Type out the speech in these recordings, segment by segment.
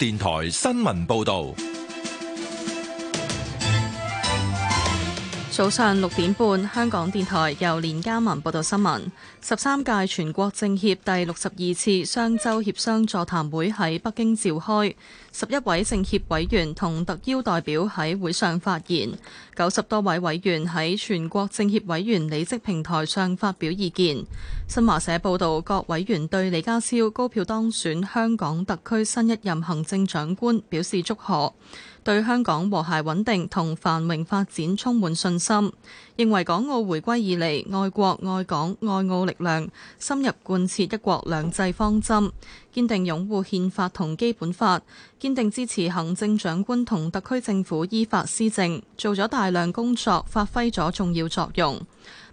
電台新聞報道。早上六點半，香港電台由連家文報道新聞。十三屆全國政協第六十二次雙周協商座談會喺北京召開，十一位政協委員同特邀代表喺會上發言，九十多位委員喺全國政協委員履職平台上發表意見。新華社報道，各委員對李家超高票當選香港特區新一任行政長官表示祝賀。對香港和諧穩定同繁榮發展充滿信心，認為港澳回歸以嚟，愛國愛港愛澳力量深入貫徹一國兩制方針，堅定擁護憲法同基本法，堅定支持行政長官同特區政府依法施政，做咗大量工作，發揮咗重要作用。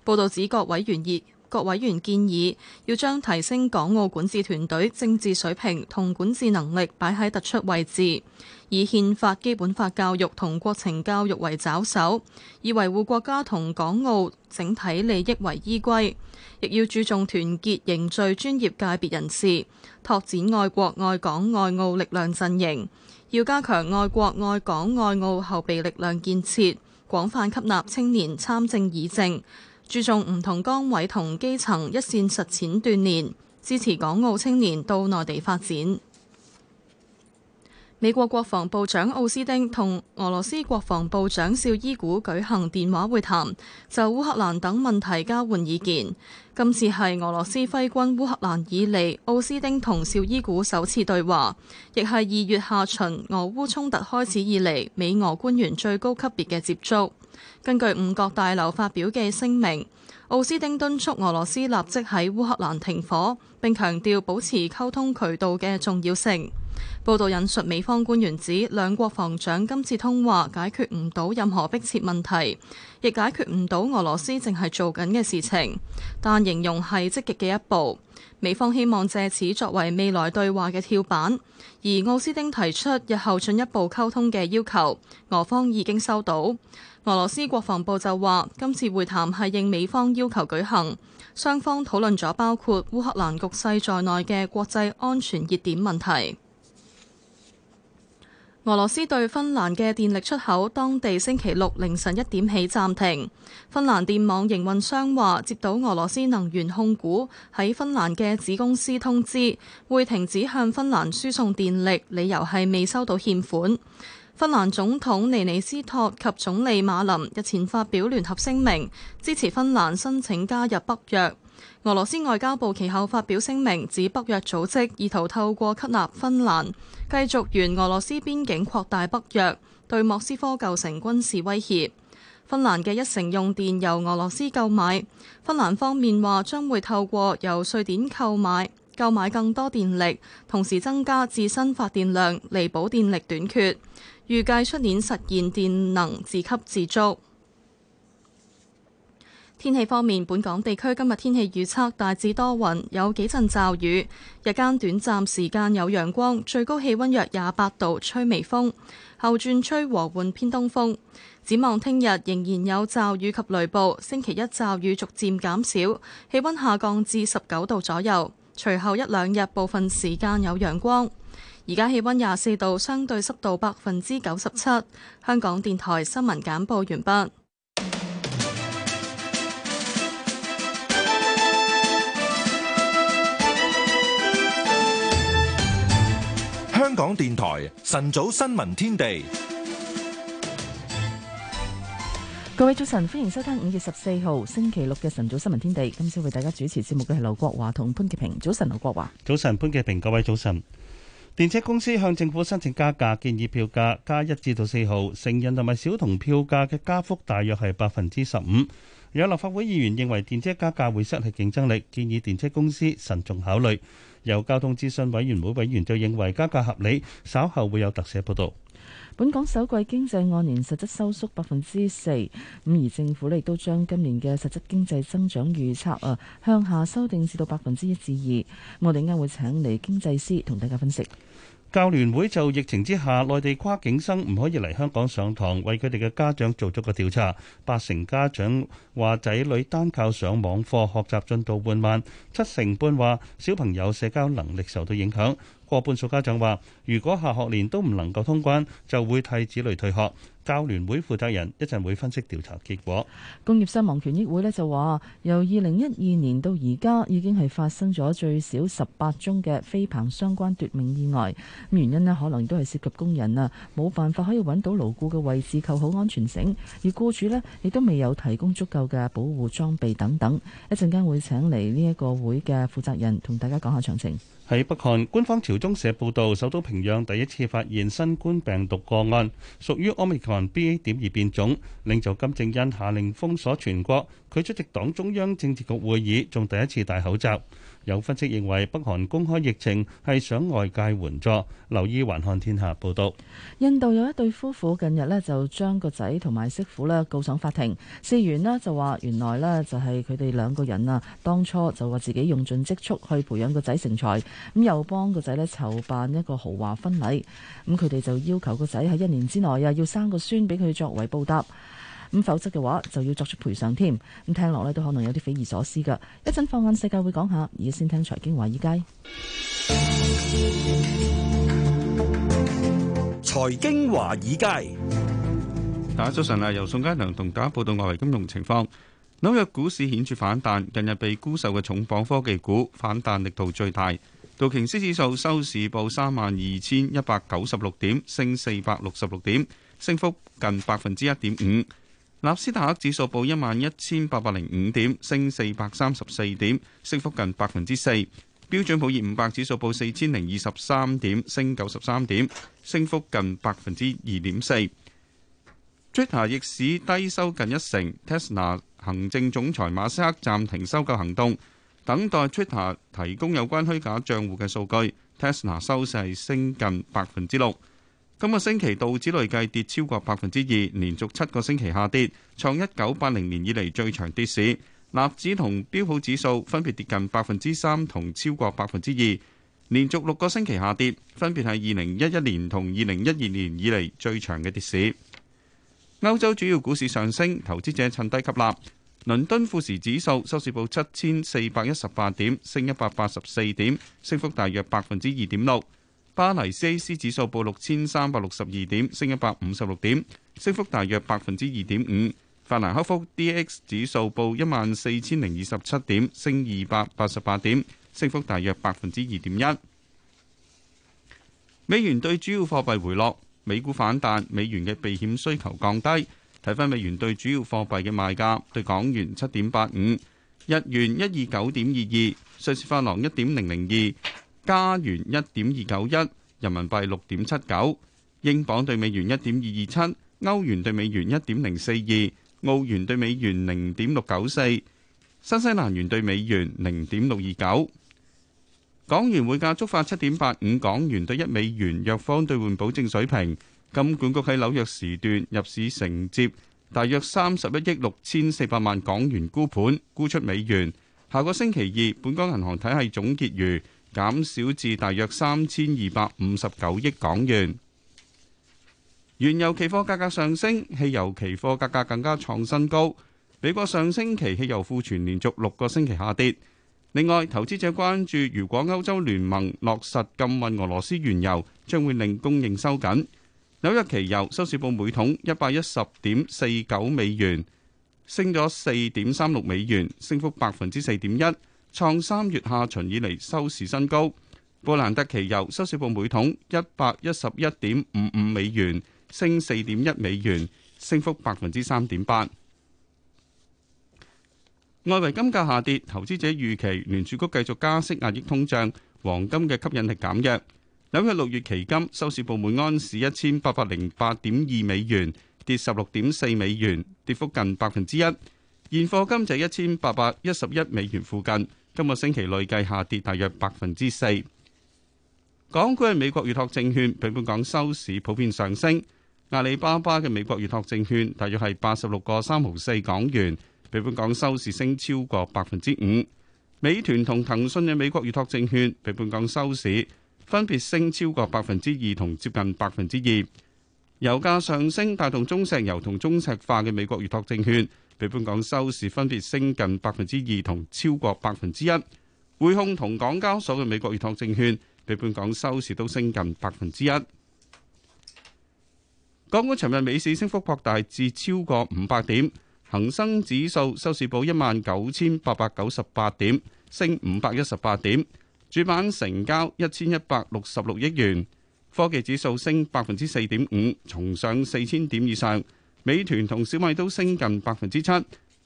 報導指，各位委員熱各委員建議要將提升港澳管治團隊政治水平同管治能力擺喺突出位置，以憲法、基本法教育同國情教育為抓手，以維護國家同港澳整體利益為依歸，亦要注重團結凝聚專業界別人士，拓展愛國愛港愛澳力量陣營，要加強愛國愛港愛澳後備力量建設，廣泛吸納青年參政議政。注重唔同崗位同基層一線實踐鍛鍊，支持港澳青年到內地發展。美國國防部長奧斯汀同俄羅斯國防部長紹伊古舉行電話會談，就烏克蘭等問題交換意見。今次係俄羅斯揮軍烏克蘭以嚟，奧斯汀同紹伊古首次對話，亦係二月下旬俄烏衝突開始以嚟美俄官員最高級別嘅接觸。根據五角大樓發表嘅聲明，奧斯丁敦促俄羅斯立即喺烏克蘭停火，並強調保持溝通渠道嘅重要性。報道引述美方官員指，兩國防長今次通話解決唔到任何迫切問題，亦解決唔到俄羅斯正係做緊嘅事情，但形容係積極嘅一步。美方希望借此作為未來對話嘅跳板，而奧斯丁提出日後進一步溝通嘅要求，俄方已經收到。俄羅斯國防部就話，今次會談係應美方要求舉行，雙方討論咗包括烏克蘭局勢在內嘅國際安全熱點問題。俄羅斯對芬蘭嘅電力出口，當地星期六凌晨一點起暫停。芬蘭電網營運商話，接到俄羅斯能源控股喺芬蘭嘅子公司通知，會停止向芬蘭輸送電力，理由係未收到欠款。芬蘭總統尼尼斯托及總理馬林日前發表聯合聲明，支持芬蘭申請加入北約。俄羅斯外交部其後發表聲明，指北約組織意圖透過吸納芬蘭，繼續沿俄羅斯邊境擴大北約，對莫斯科構成軍事威脅。芬蘭嘅一成用電由俄羅斯購買，芬蘭方面話將會透過由瑞典購買，購買更多電力，同時增加自身發電量，彌補電力短缺。預計出年實現電能自給自足。天氣方面，本港地區今日天氣預測大致多雲，有幾陣驟雨，日間短暫時間有陽光，最高氣溫約廿八度，吹微風。後轉吹和緩偏東風。展望聽日仍然有驟雨及雷暴，星期一驟雨逐漸減少，氣温下降至十九度左右。隨後一兩日部分時間有陽光。而家氣温廿四度，相對濕度百分之九十七。香港電台新聞簡報完畢。香港電台晨早新聞天地，各位早晨，歡迎收聽五月十四號星期六嘅晨早新聞天地。今次為大家主持節目嘅係劉國華同潘潔平。早晨，劉國華。早晨，潘潔平。各位早晨。電車公司向政府申請加價，建議票價加一至到四毫，成人同埋小童票價嘅加幅大約係百分之十五。有立法會議員認為電車加價會失去競爭力，建議電車公司慎重考慮。由交通諮詢委員會委員就認為加價合理，稍後會有特寫報道。本港首季經濟按年實質收縮百分之四，咁而政府亦都將今年嘅實質經濟增長預測啊向下修訂至到百分之一至二。我哋啱會請嚟經濟師同大家分析。教聯會就疫情之下，內地跨境生唔可以嚟香港上堂，為佢哋嘅家長做咗個調查，八成家長話仔女單靠上網課學習進度緩慢，七成半話小朋友社交能力受到影響。過半數家長話，如果下學年都唔能夠通關，就會替子女退學。教聯會負責人一陣會分析調查結果。工業傷亡權益會呢就話，由二零一二年到而家已經係發生咗最少十八宗嘅飛棚相關奪命意外。原因呢可能都係涉及工人啊，冇辦法可以揾到牢固嘅位置扣好安全繩，而雇主呢亦都未有提供足夠嘅保護裝備等等。一陣間會請嚟呢一個會嘅負責人同大家講下詳情。喺北韓，官方朝中社報導，首都平壤第一次發現新冠病毒個案，屬於 Omicron B. A. 點二變種令就金正恩下令封鎖全國，佢出席黨中央政治局會議，仲第一次戴口罩。有分析認為，北韓公開疫情係想外界援助。留意環看天下報道，印度有一對夫婦近日呢就將個仔同埋媳婦呢告上法庭。事緣呢就話，原來呢就係佢哋兩個人啊，當初就話自己用盡積蓄去培養個仔成才，咁又幫個仔呢籌辦一個豪華婚禮。咁佢哋就要求個仔喺一年之內啊要生個孫畀佢作為報答。咁否則嘅話就要作出賠償添。咁聽落咧都可能有啲匪夷所思噶。一陣放眼世界會講下，而家先聽財經華爾街。財經華爾街，大家早晨啊！由宋佳良同大家報道外圍金融情況。紐約股市顯著反彈，近日被沽售嘅重磅科技股反彈力度最大。道瓊斯指數收市報三萬二千一百九十六點，升四百六十六點，升幅近百分之一點五。納斯達克指數報一萬一千八百零五點，升四百三十四點，升幅近百分之四。標準普爾五百指數報四千零二十三點，升九十三點，升幅近百分之二點四。Twitter 逆市低收近一成，Tesla 行政總裁馬斯克暫停收購行動，等待 Twitter 提供有關虛假賬戶嘅數據。Tesla 收勢升近百分之六。今個星期道指累計跌超過百分之二，連續七個星期下跌，創一九八零年以嚟最長跌市。納指同標普指數分別跌近百分之三同超過百分之二，連續六個星期下跌，分別係二零一一年同二零一二年以嚟最長嘅跌市。歐洲主要股市上升，投資者趁低吸納。倫敦富時指數收市報七千四百一十八點，升一百八十四點，升幅大約百分之二點六。巴黎 CAC 指數報六千三百六十二點，升一百五十六點，升幅大約百分之二點五。法蘭克福 DAX 指數報一萬四千零二十七點，升二百八十八點，升幅大約百分之二點一。美元對主要貨幣回落，美股反彈，美元嘅避險需求降低。睇翻美元對主要貨幣嘅賣價，對港元七點八五，日元一二九點二二，瑞士法郎一點零零二。加元一點二九一，人民幣六點七九，英鎊兌美元一點二二七，歐元兌美元一點零四二，澳元兌美元零點六九四，新西蘭元兌美元零點六二九。港元匯價觸發七點八五港元兌一美元弱方兌換保證水平。金管局喺紐約時段入市承接大約三十一億六千四百萬港元沽盤，沽出美元。下個星期二，本港銀行體系總結餘。減少至大約三千二百五十九億港元。原油期貨價格上升，汽油期貨價格更加創新高。美國上星期汽油庫存連續六個星期下跌。另外，投資者關注，如果歐洲聯盟落實禁運俄羅斯原油，將會令供應收緊。紐約期油收市報每桶一百一十點四九美元，升咗四點三六美元，升幅百分之四點一。創三月下旬以嚟收市新高。布蘭特期油收市報每桶一百一十一點五五美元，升四點一美元，升幅百分之三點八。外圍金價下跌，投資者預期聯儲局繼續加息壓抑通脹，黃金嘅吸引力減弱。紐約六月期金收市報每安士一千八百零八點二美元，跌十六點四美元，跌幅近百分之一。現貨金就一千八百一十一美元附近。今日星期累計下跌大約百分之四。港股，嘅美國預託證券，比本港收市普遍上升。阿里巴巴嘅美國預託證券，大約係八十六個三毫四港元，比本港收市升超過百分之五。美團同騰訊嘅美國預託證券，比本港收市分別升超過百分之二同接近百分之二。油價上升，帶動中石油同中石化嘅美國預託證券，比本港收市分別升近百分之二同超過百分之一，匯控同港交所嘅美國預託證券比本港收市都升近百分之一。港股尋日美市升幅擴大至超過五百點，恒生指數收市報一萬九千八百九十八點，升五百一十八點，主板成交一千一百六十六億元，科技指數升百分之四點五，重上四千點以上。美團同小米都升近百分之七，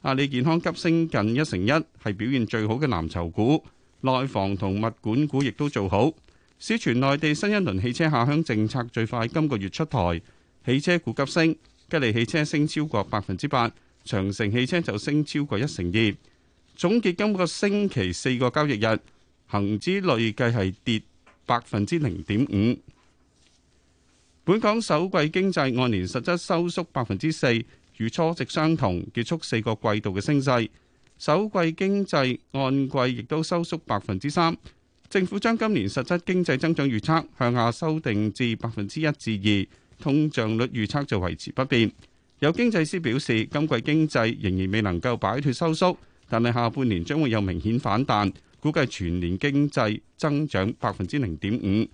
阿里健康急升近一成一，係表現最好嘅藍籌股。內房同物管股亦都做好。市傳內地新一輪汽車下鄉政策最快今個月出台，汽車股急升，吉利汽車升超過百分之八，長城汽車就升超過一成二。總結今個星期四個交易日，恒指累計係跌百分之零點五。本港首季經濟按年實質收縮百分之四，與初值相同，結束四個季度嘅升勢。首季經濟按季亦都收縮百分之三。政府將今年實質經濟增長預測向下修訂至百分之一至二，通脹率預測就維持不變。有經濟師表示，今季經濟仍然未能夠擺脫收縮，但係下半年將會有明顯反彈，估計全年經濟增長百分之零點五。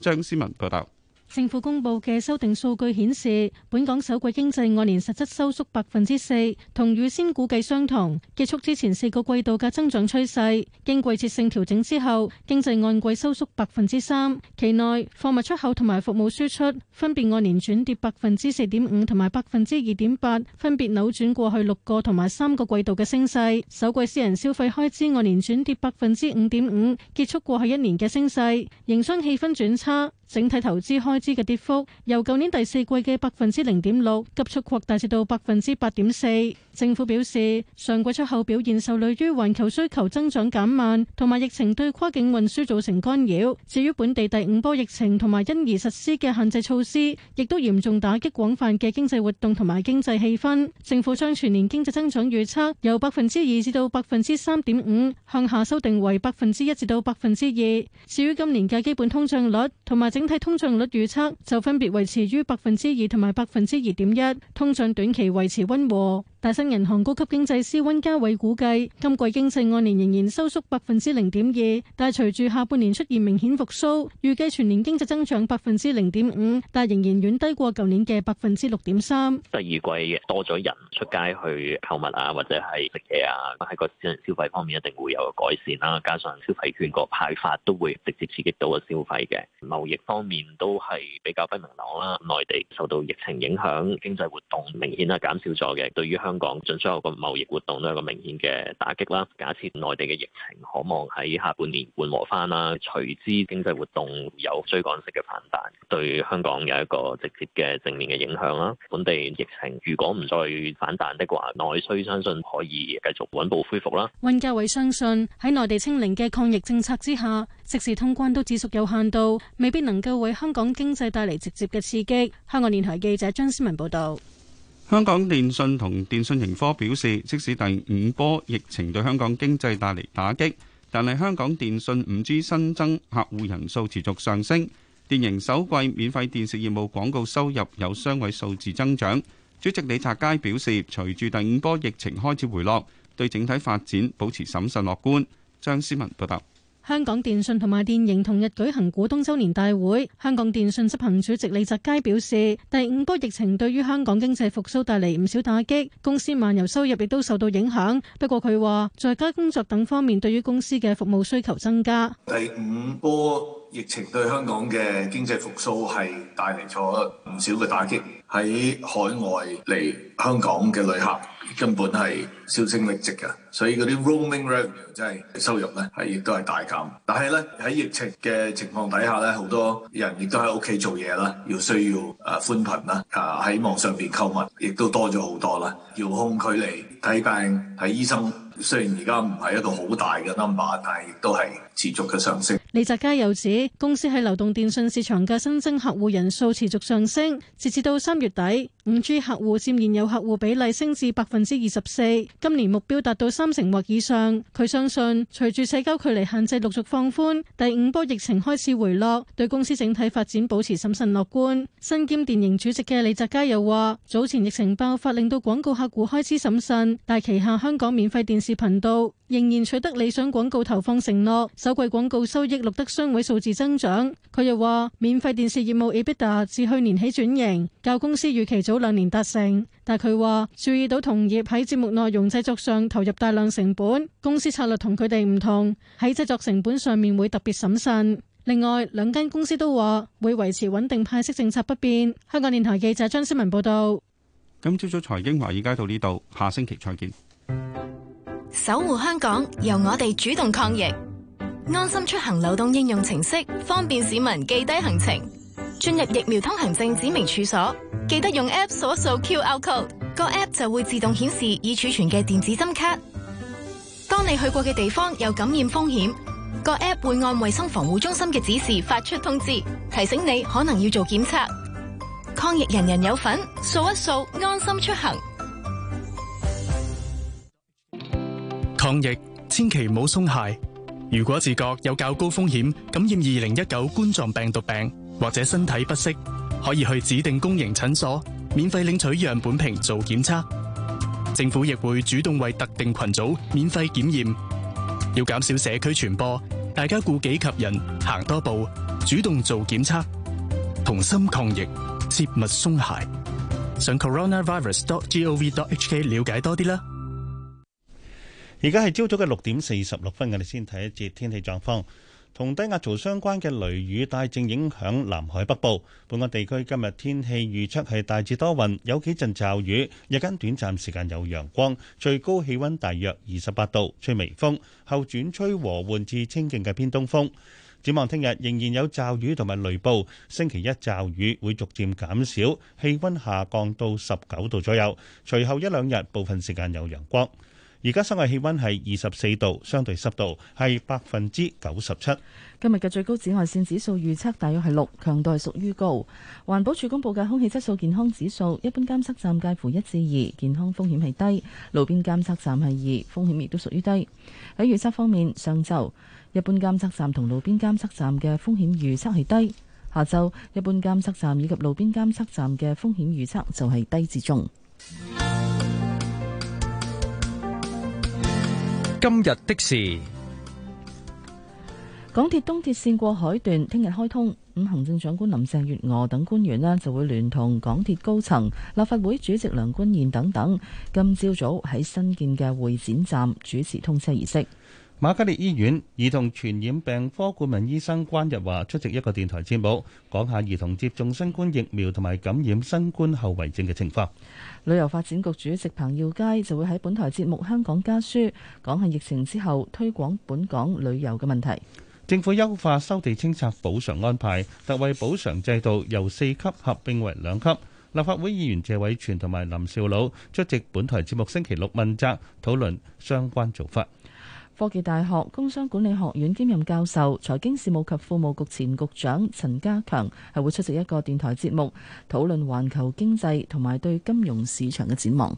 張思文報道。政府公布嘅修訂數據顯示，本港首季經濟按年實質收縮百分之四，同預先估計相同。結束之前四個季度嘅增長趨勢，經季節性調整之後，經濟按季收縮百分之三。期內貨物出口同埋服務輸出分別按年轉跌百分之四點五同埋百分之二點八，分別扭轉過去六個同埋三個季度嘅升勢。首季私人消費開支按年轉跌百分之五點五，結束過去一年嘅升勢。營商氣氛轉差。整體投資開支嘅跌幅由舊年第四季嘅百分之零點六急速擴大至到百分之八點四。政府表示，上季出口表現受累於環球需求增長減慢同埋疫情對跨境運輸造成干擾。至於本地第五波疫情同埋因而實施嘅限制措施，亦都嚴重打擊廣泛嘅經濟活動同埋經濟氣氛。政府將全年經濟增長預測由百分之二至到百分之三點五向下修訂為百分之一至到百分之二。至於今年嘅基本通脹率同埋整體通脹率預測就分別維持於百分之二同埋百分之二點一，通脹短期維持温和。大新銀行高級經濟師温家偉估計，今季經濟按年仍然收縮百分之零點二，但係隨住下半年出現明顯復甦，預計全年經濟增長百分之零點五，但仍然遠低過舊年嘅百分之六點三。第二季多咗人出街去購物啊，或者係食嘢啊，喺個私人消費方面一定會有改善啦、啊。加上消費券個派發都會直接刺激到個消費嘅。貿易方面都係比較不明朗啦、啊。內地受到疫情影響，經濟活動明顯係減少咗嘅。對於香香港進出口個貿易活動都有個明顯嘅打擊啦。假設內地嘅疫情可望喺下半年緩和翻啦，隨之經濟活動有追趕式嘅反彈，對香港有一個直接嘅正面嘅影響啦。本地疫情如果唔再反彈的話，內需相信可以繼續穩步恢復啦。韋家偉相信喺內地清零嘅抗疫政策之下，即時通關都只屬有限度，未必能夠為香港經濟帶嚟直接嘅刺激。香港電台記者張思文報道。香港電訊同電訊盈科表示，即使第五波疫情對香港經濟帶嚟打擊，但係香港電訊 5G 新增客戶人數持續上升，電盈首季免費電視業務廣告收入有雙位數字增長。主席李澤楷表示，隨住第五波疫情開始回落，對整體發展保持審慎樂觀。張思文報道。香港電訊同埋電盈同日舉行股東周年大會。香港電訊執行主席李澤楷表示，第五波疫情對於香港經濟復蘇帶嚟唔少打擊，公司漫遊收入亦都受到影響。不過佢話，在家工作等方面對於公司嘅服務需求增加。第五波疫情對香港嘅經濟復蘇係帶嚟咗唔少嘅打擊，喺海外嚟香港嘅旅客，根本係銷聲匿跡嘅，所以嗰啲 roaming revenue 真係收入咧係亦都係大減。但係咧喺疫情嘅情況底下咧，好多人亦都喺屋企做嘢啦，要需要誒寬頻啦，啊喺網上邊購物亦都多咗好多啦，遙控距離睇病睇醫生，雖然而家唔係一個好大嘅 number，但係亦都係持續嘅上升。李澤楷又指，公司喺流動電訊市場嘅新增客戶人數持續上升，截至到三月底。5G 客戶佔現有客戶比例升至百分之二十四，今年目標達到三成或以上。佢相信，隨住社交距離限制陸續放寬，第五波疫情開始回落，對公司整體發展保持審慎樂觀。身兼電盈主席嘅李澤楷又話：早前疫情爆發，令到廣告客戶開始審慎，但旗下香港免費電視頻道仍然取得理想廣告投放承諾，首季廣告收益錄得雙位數字增長。佢又話，免費電視業務 EBITDA 自去年起轉型，較公司預期。早兩年達成，但佢話注意到同業喺節目內容製作上投入大量成本，公司策略同佢哋唔同，喺製作成本上面會特別審慎。另外兩間公司都話會維持穩定派息政策不變。香港電台記者張思文報道。今朝早財經華爾街到呢度，下星期再見。守護香港，由我哋主動抗疫，安心出行，流動應用程式，方便市民記低行程。進入疫苗通行證指明處所，記得用 app 掃一掃 QR code，個 app 就會自動顯示已儲存嘅電子針卡。當你去過嘅地方有感染風險，個 app 會按衛生防護中心嘅指示發出通知，提醒你可能要做檢測。抗疫人人有份，掃一掃安心出行。抗疫千祈唔好鬆懈，如果自覺有較高風險感染二零一九冠狀病毒病，或者身體不適，可以去指定公營診所免費領取樣本瓶做檢測。政府亦會主動為特定群組免費檢驗，要減少社區傳播，大家顧己及人，行多步，主動做檢測，同心抗疫，切勿鬆懈。上 coronavirus.gov.hk 了解多啲啦。而家係朝早嘅六點四十六分，我哋先睇一節天氣狀況。同低壓槽相關嘅雷雨帶正影響南海北部，本港地區今日天氣預測係大致多雲，有幾陣驟雨，日間短暫時間有陽光，最高氣温大約二十八度，吹微風，後轉吹和緩至清勁嘅偏東風。展望聽日仍然有驟雨同埋雷暴，星期一驟雨會逐漸減少，氣温下降到十九度左右，隨後一兩日部分時間有陽光。而家室外氣溫係二十四度，相對濕度係百分之九十七。今日嘅最高紫外線指數預測大約係六，強度係屬於高。環保署公佈嘅空氣質素健康指數，一般監測站介乎一至二，健康風險係低；路邊監測站係二，風險亦都屬於低。喺預測方面，上晝一般監測站同路邊監測站嘅風險預測係低；下晝一般監測站以及路邊監測站嘅風險預測就係低至中。今日的事，港鐵東鐵綫過海段聽日開通，咁行政長官林鄭月娥等官員呢就會聯同港鐵高層、立法會主席梁君彥等等，今朝早喺新建嘅會展站主持通車儀式。瑪嘉烈醫院兒童傳染病科顧問醫生關日華出席一個電台節目，講下兒童接種新冠疫苗同埋感染新冠後遺症嘅情況。旅遊發展局主席彭耀佳就會喺本台節目《香港家書》講下疫情之後推廣本港旅遊嘅問題。政府優化收地清拆補償安排，特惠補償制度由四級合併為兩級。立法會議員謝偉銓同埋林筱魯出席本台節目《星期六問責》，討論相關做法。科技大學工商管理學院兼任教授、財經事務及庫務局前局長陳家強係會出席一個電台節目，討論環球經濟同埋對金融市場嘅展望。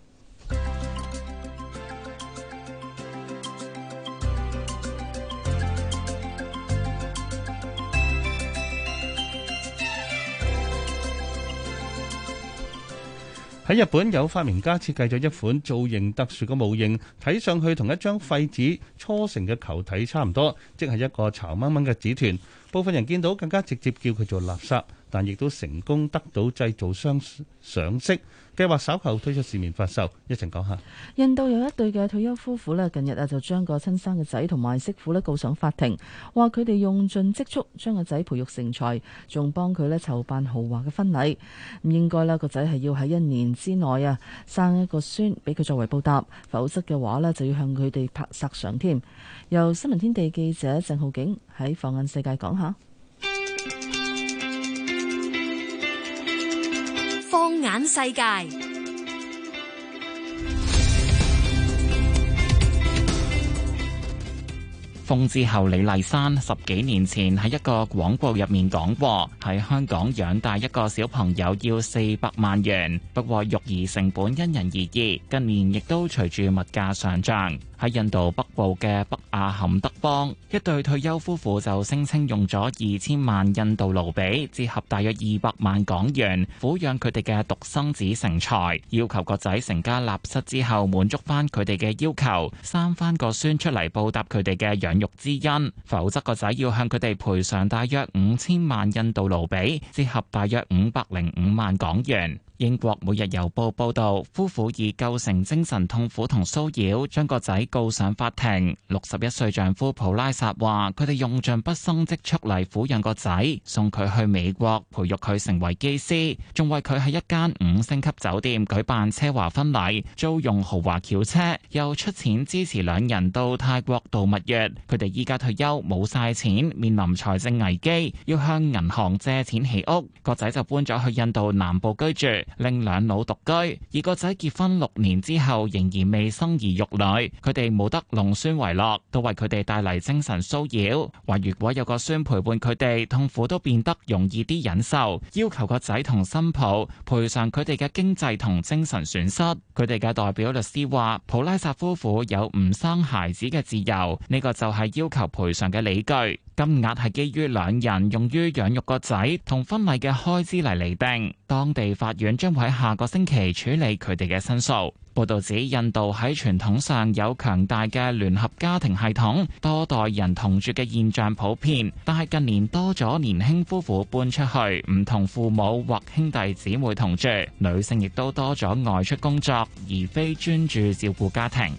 喺日本有發明家設計咗一款造型特殊嘅模型，睇上去同一張廢紙搓成嘅球體差唔多，即係一個巢蚊蚊嘅紙團。部分人見到更加直接叫佢做垃圾。但亦都成功得到製造商賞識，計劃稍後推出市面發售。一陣講下。印度有一對嘅退休夫婦咧，近日啊就將個親生嘅仔同埋媳婦咧告上法庭，話佢哋用盡積蓄將個仔培育成才，仲幫佢咧籌辦豪華嘅婚禮。咁應該啦，個仔係要喺一年之內啊生一個孫俾佢作為報答，否則嘅話咧就要向佢哋拍殺償添。由新聞天地記者鄭浩景喺放眼世界講下。放眼世界。工資後，李麗珊十幾年前喺一個廣播入面講過，喺香港養大一個小朋友要四百萬元。不過育兒成本因人而異，近年亦都隨住物價上漲。喺印度北部嘅北阿坎德邦，一對退休夫婦就聲稱用咗二千萬印度盧比，折合大約二百萬港元，撫養佢哋嘅獨生子成才，要求個仔成家立室之後滿足翻佢哋嘅要求，生翻個孫出嚟報答佢哋嘅養育育之恩，否則個仔要向佢哋賠償大約五千萬印度盧比，折合大約五百零五萬港元。英國每日郵報報道，夫婦以構成精神痛苦同騷擾將個仔告上法庭。六十一歲丈夫普，普拉薩話，佢哋用盡畢生積蓄嚟撫養個仔，送佢去美國培育佢成為機師，仲為佢喺一間五星級酒店舉辦奢華婚禮，租用豪華轎車，又出錢支持兩人到泰國度蜜月。佢哋依家退休冇晒錢，面臨財政危機，要向銀行借錢起屋。個仔就搬咗去印度南部居住。令兩老獨居，而個仔結婚六年之後仍然未生兒育女，佢哋冇得弄孫為樂，都為佢哋帶嚟精神騷擾。話如果有個孫陪伴佢哋，痛苦都變得容易啲忍受。要求個仔同新抱賠償佢哋嘅經濟同精神損失。佢哋嘅代表律師話：普拉薩夫婦有唔生孩子嘅自由，呢個就係要求賠償嘅理據。金額係基於兩人用於養育個仔同婚禮嘅開支嚟釐定。當地法院將會喺下個星期處理佢哋嘅申訴。報道指，印度喺傳統上有強大嘅聯合家庭系統，多代人同住嘅現象普遍，但係近年多咗年輕夫婦搬出去，唔同父母或兄弟姊妹同住。女性亦都多咗外出工作，而非專注照顧家庭。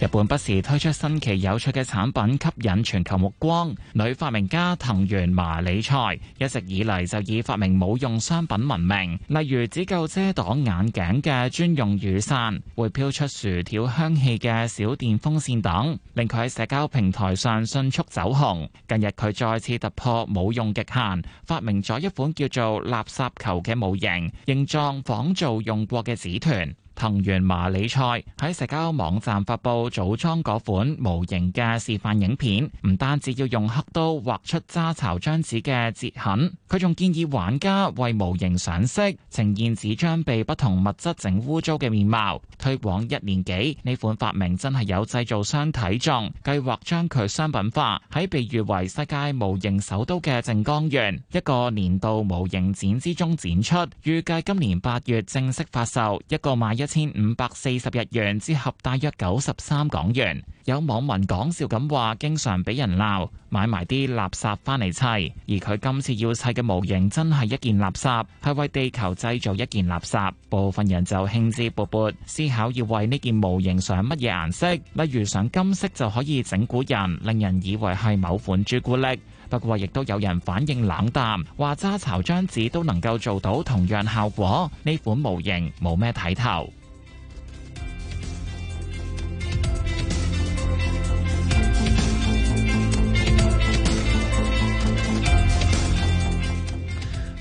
日本不時推出新奇有趣嘅產品吸引全球目光。女發明家藤原麻里菜一直以嚟就以發明冇用商品聞名，例如只夠遮擋眼鏡嘅專用雨傘、會飄出薯條香氣嘅小電風扇等，令佢喺社交平台上迅速走紅。近日佢再次突破冇用極限，發明咗一款叫做垃圾球嘅模型，形狀仿造用過嘅紙團。藤原麻里菜喺社交網站發布組裝嗰款模型嘅示範影片，唔單止要用刻刀畫出揸皺張紙嘅折痕，佢仲建議玩家為模型上色，呈現紙張被不同物質整污糟嘅面貌。推廣一年幾呢款發明真係有製造商睇中，計劃將佢商品化喺被譽為世界模型首都嘅靜岡縣，一個年度模型展之中展出，預計今年八月正式發售，一個賣一。千五百四十日元之合大約九十三港元，有網民講笑咁話，經常俾人鬧買埋啲垃圾返嚟砌，而佢今次要砌嘅模型真係一件垃圾，係為地球製造一件垃圾。部分人就興致勃勃思考要為呢件模型上乜嘢顏色，例如上金色就可以整蠱人，令人以為係某款朱古力。不過，亦都有人反應冷淡，話揸巢張紙都能夠做到同樣效果，呢款模型冇咩睇頭。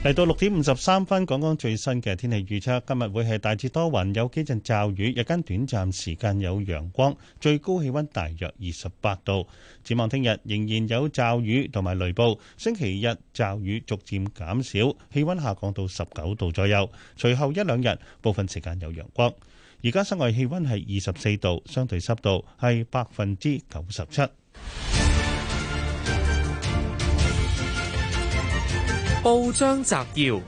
嚟到六點五十三分，講講最新嘅天氣預測。今日會係大致多雲，有幾陣驟雨，日間短暫時間有陽光，最高氣溫大約二十八度。展望聽日仍然有驟雨同埋雷暴，星期日驟雨逐漸減少，氣溫下降到十九度左右。隨後一兩日部分時間有陽光。而家室外氣溫係二十四度，相對濕度係百分之九十七。報章摘要：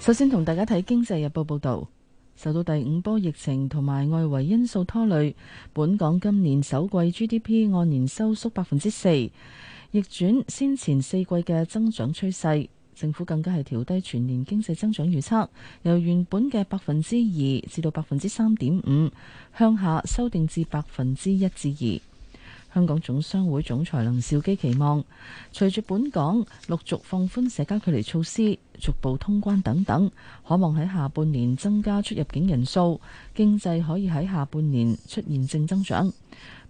首先同大家睇《經濟日報》報道，受到第五波疫情同埋外圍因素拖累，本港今年首季 GDP 按年收縮百分之四，逆轉先前四季嘅增長趨勢。政府更加係調低全年經濟增長預測，由原本嘅百分之二至到百分之三點五，向下修訂至百分之一至二。香港總商會總裁林兆基期望，隨住本港陸續放寬社交距離措施、逐步通關等等，可望喺下半年增加出入境人數，經濟可以喺下半年出現正增長。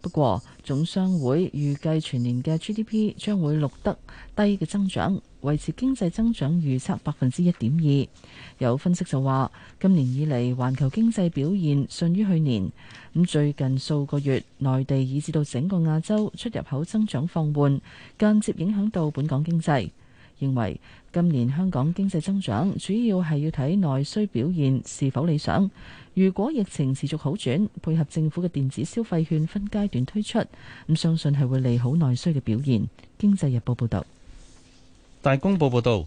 不過，總商會預計全年嘅 GDP 將會錄得低嘅增長，維持經濟增長預測百分之一點二。有分析就話，今年以嚟環球經濟表現遜於去年，咁最近數個月內地以至到整個亞洲出入口增長放緩，間接影響到本港經濟。認為今年香港經濟增長主要係要睇內需表現是否理想。如果疫情持續好轉，配合政府嘅電子消費券分階段推出，咁相信係會利好內需嘅表現。經濟日報報導，大公報報導，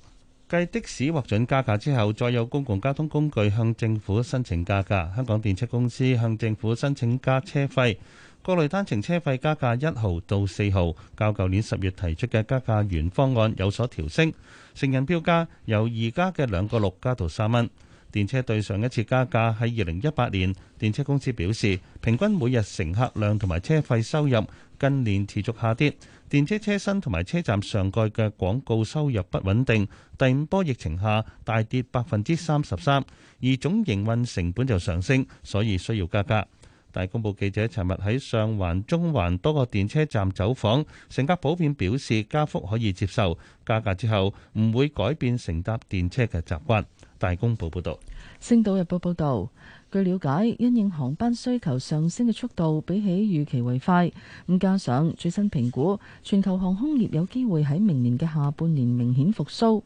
繼的士獲准加價之後，再有公共交通工具向政府申請加價。香港電車公司向政府申請加車費，各類單程車費加價一毫到四毫，較舊年十月提出嘅加價原方案有所調升。成人票價由而家嘅兩個六加到三蚊。電車對上一次加價喺二零一八年，電車公司表示平均每日乘客量同埋車費收入近年持續下跌，電車車身同埋車站上蓋嘅廣告收入不穩定。第五波疫情下大跌百分之三十三，而總營運成本就上升，所以需要加價。大公報記者尋日喺上環、中環多個電車站走訪，乘客普遍表示加幅可以接受，加價之後唔會改變乘搭電車嘅習慣。大公報報道，《星島日報》報道，據了解，因應航班需求上升嘅速度比起預期為快，咁加上最新評估，全球航空業有機會喺明年嘅下半年明顯復蘇。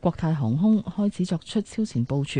國泰航空開始作出超前部署，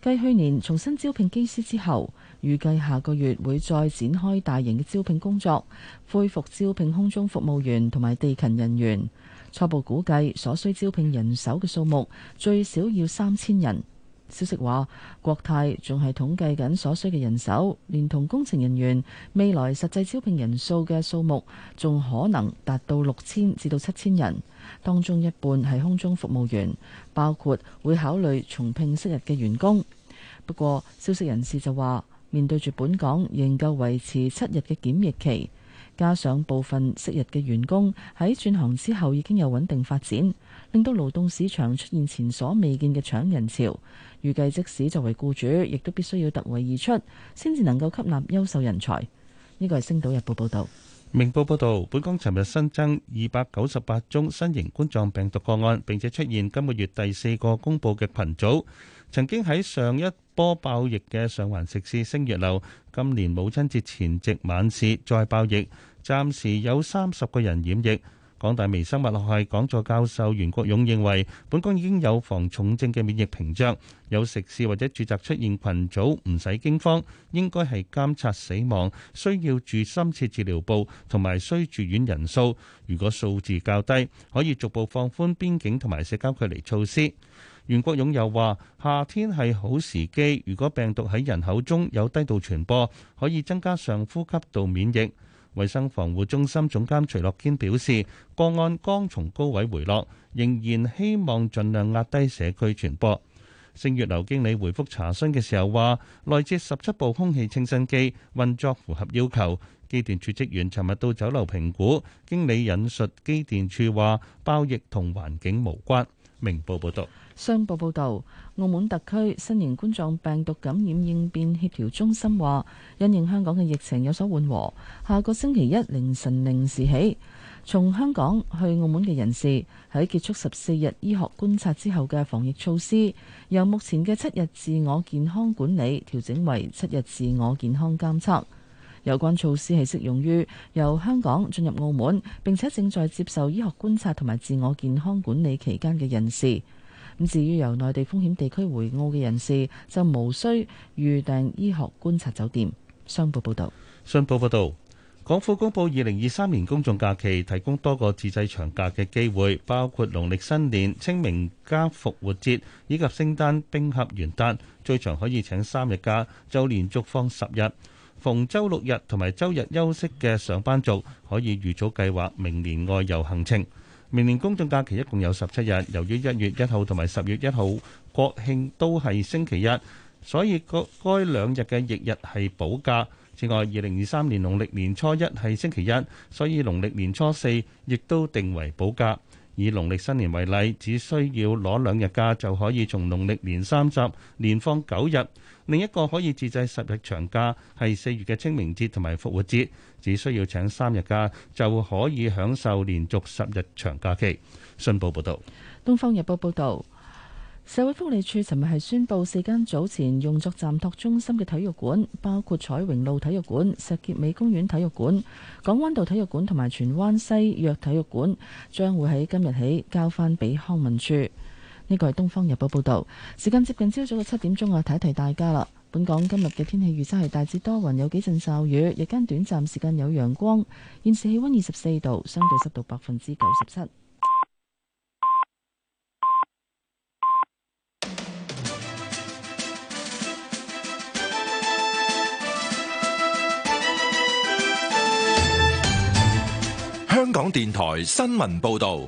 繼去年重新招聘機師之後，預計下個月會再展開大型嘅招聘工作，恢復招聘空中服務員同埋地勤人員。初步估計所需招聘人手嘅數目最少要三千人。消息話，國泰仲係統計緊所需嘅人手，連同工程人員未來實際招聘人數嘅數目，仲可能達到六千至到七千人。當中一半係空中服務員，包括會考慮重聘昔日嘅員工。不過，消息人士就話，面對住本港仍舊維持七日嘅檢疫期。加上部分昔日嘅員工喺轉行之後已經有穩定發展，令到勞動市場出現前所未見嘅搶人潮。預計即使作為僱主，亦都必須要突圍而出，先至能夠吸納優秀人才。呢個係《星島日報》報導，《明報》報導，本港尋日新增二百九十八宗新型冠狀病毒個案，並且出現今個月第四個公佈嘅羣組。曾經喺上一波爆疫嘅上環食肆星月樓，今年母親節前夕晚市再爆疫。暫時有三十個人染疫。港大微生物學系講座教授袁國勇認為，本港已經有防重症嘅免疫屏障。有食肆或者住宅出現群組，唔使驚慌。應該係監察死亡，需要住深切治療部同埋需住院人數。如果數字較低，可以逐步放寬邊境同埋社交距離措施。袁國勇又話，夏天係好時機，如果病毒喺人口中有低度傳播，可以增加上呼吸道免疫。衛生防護中心總監徐樂堅表示，個案剛從高位回落，仍然希望盡量壓低社區傳播。聖月樓經理回複查詢嘅時候話，內設十七部空氣清新機運作，符合要求。機電處職員尋日到酒樓評估，經理引述機電處話，爆疫同環境無關。明報報道。商報報導，澳門特區新型冠狀病毒感染應變協調中心話，因應香港嘅疫情有所緩和，下個星期一凌晨零時起，從香港去澳門嘅人士喺結束十四日醫學觀察之後嘅防疫措施，由目前嘅七日自我健康管理調整為七日自我健康監測。有關措施係適用於由香港進入澳門並且正在接受醫學觀察同埋自我健康管理期間嘅人士。咁至於由內地風險地區回澳嘅人士，就無需預訂醫學觀察酒店。商報報道，商報報導，港府公佈二零二三年公眾假期，提供多個自製長假嘅機會，包括農曆新年、清明、加復活節以及聖誕、冰盒、元旦，最長可以請三日假，就連續放十日。逢周六日同埋周日休息嘅上班族，可以預早計劃明年外遊行程。明年公眾假期一共有十七日，由於一月一號同埋十月一號國慶都係星期日，所以個該兩日嘅翌日係補假。此外，二零二三年農曆年初一係星期日，所以農曆年初四亦都定為補假。以農曆新年為例，只需要攞兩日假就可以從農曆年三十連放九日。另一個可以自製十日長假係四月嘅清明節同埋復活節，只需要請三日假就可以享受連續十日長假期。信報報道。東方日報報道。社會福利處尋日係宣布，四間早前用作暫托中心嘅體育館，包括彩榮路體育館、石硤尾公園體育館、港灣道體育館同埋荃灣西約體育館，將會喺今日起交翻俾康文署。呢、這個係《東方日報》報導。時間接近朝早嘅七點鐘啊，提提大家啦。本港今日嘅天氣預測係大致多雲，雲有幾陣驟雨，日間短暫時間有陽光。現時氣溫二十四度，相對濕度百分之九十七。香港電台新聞報道。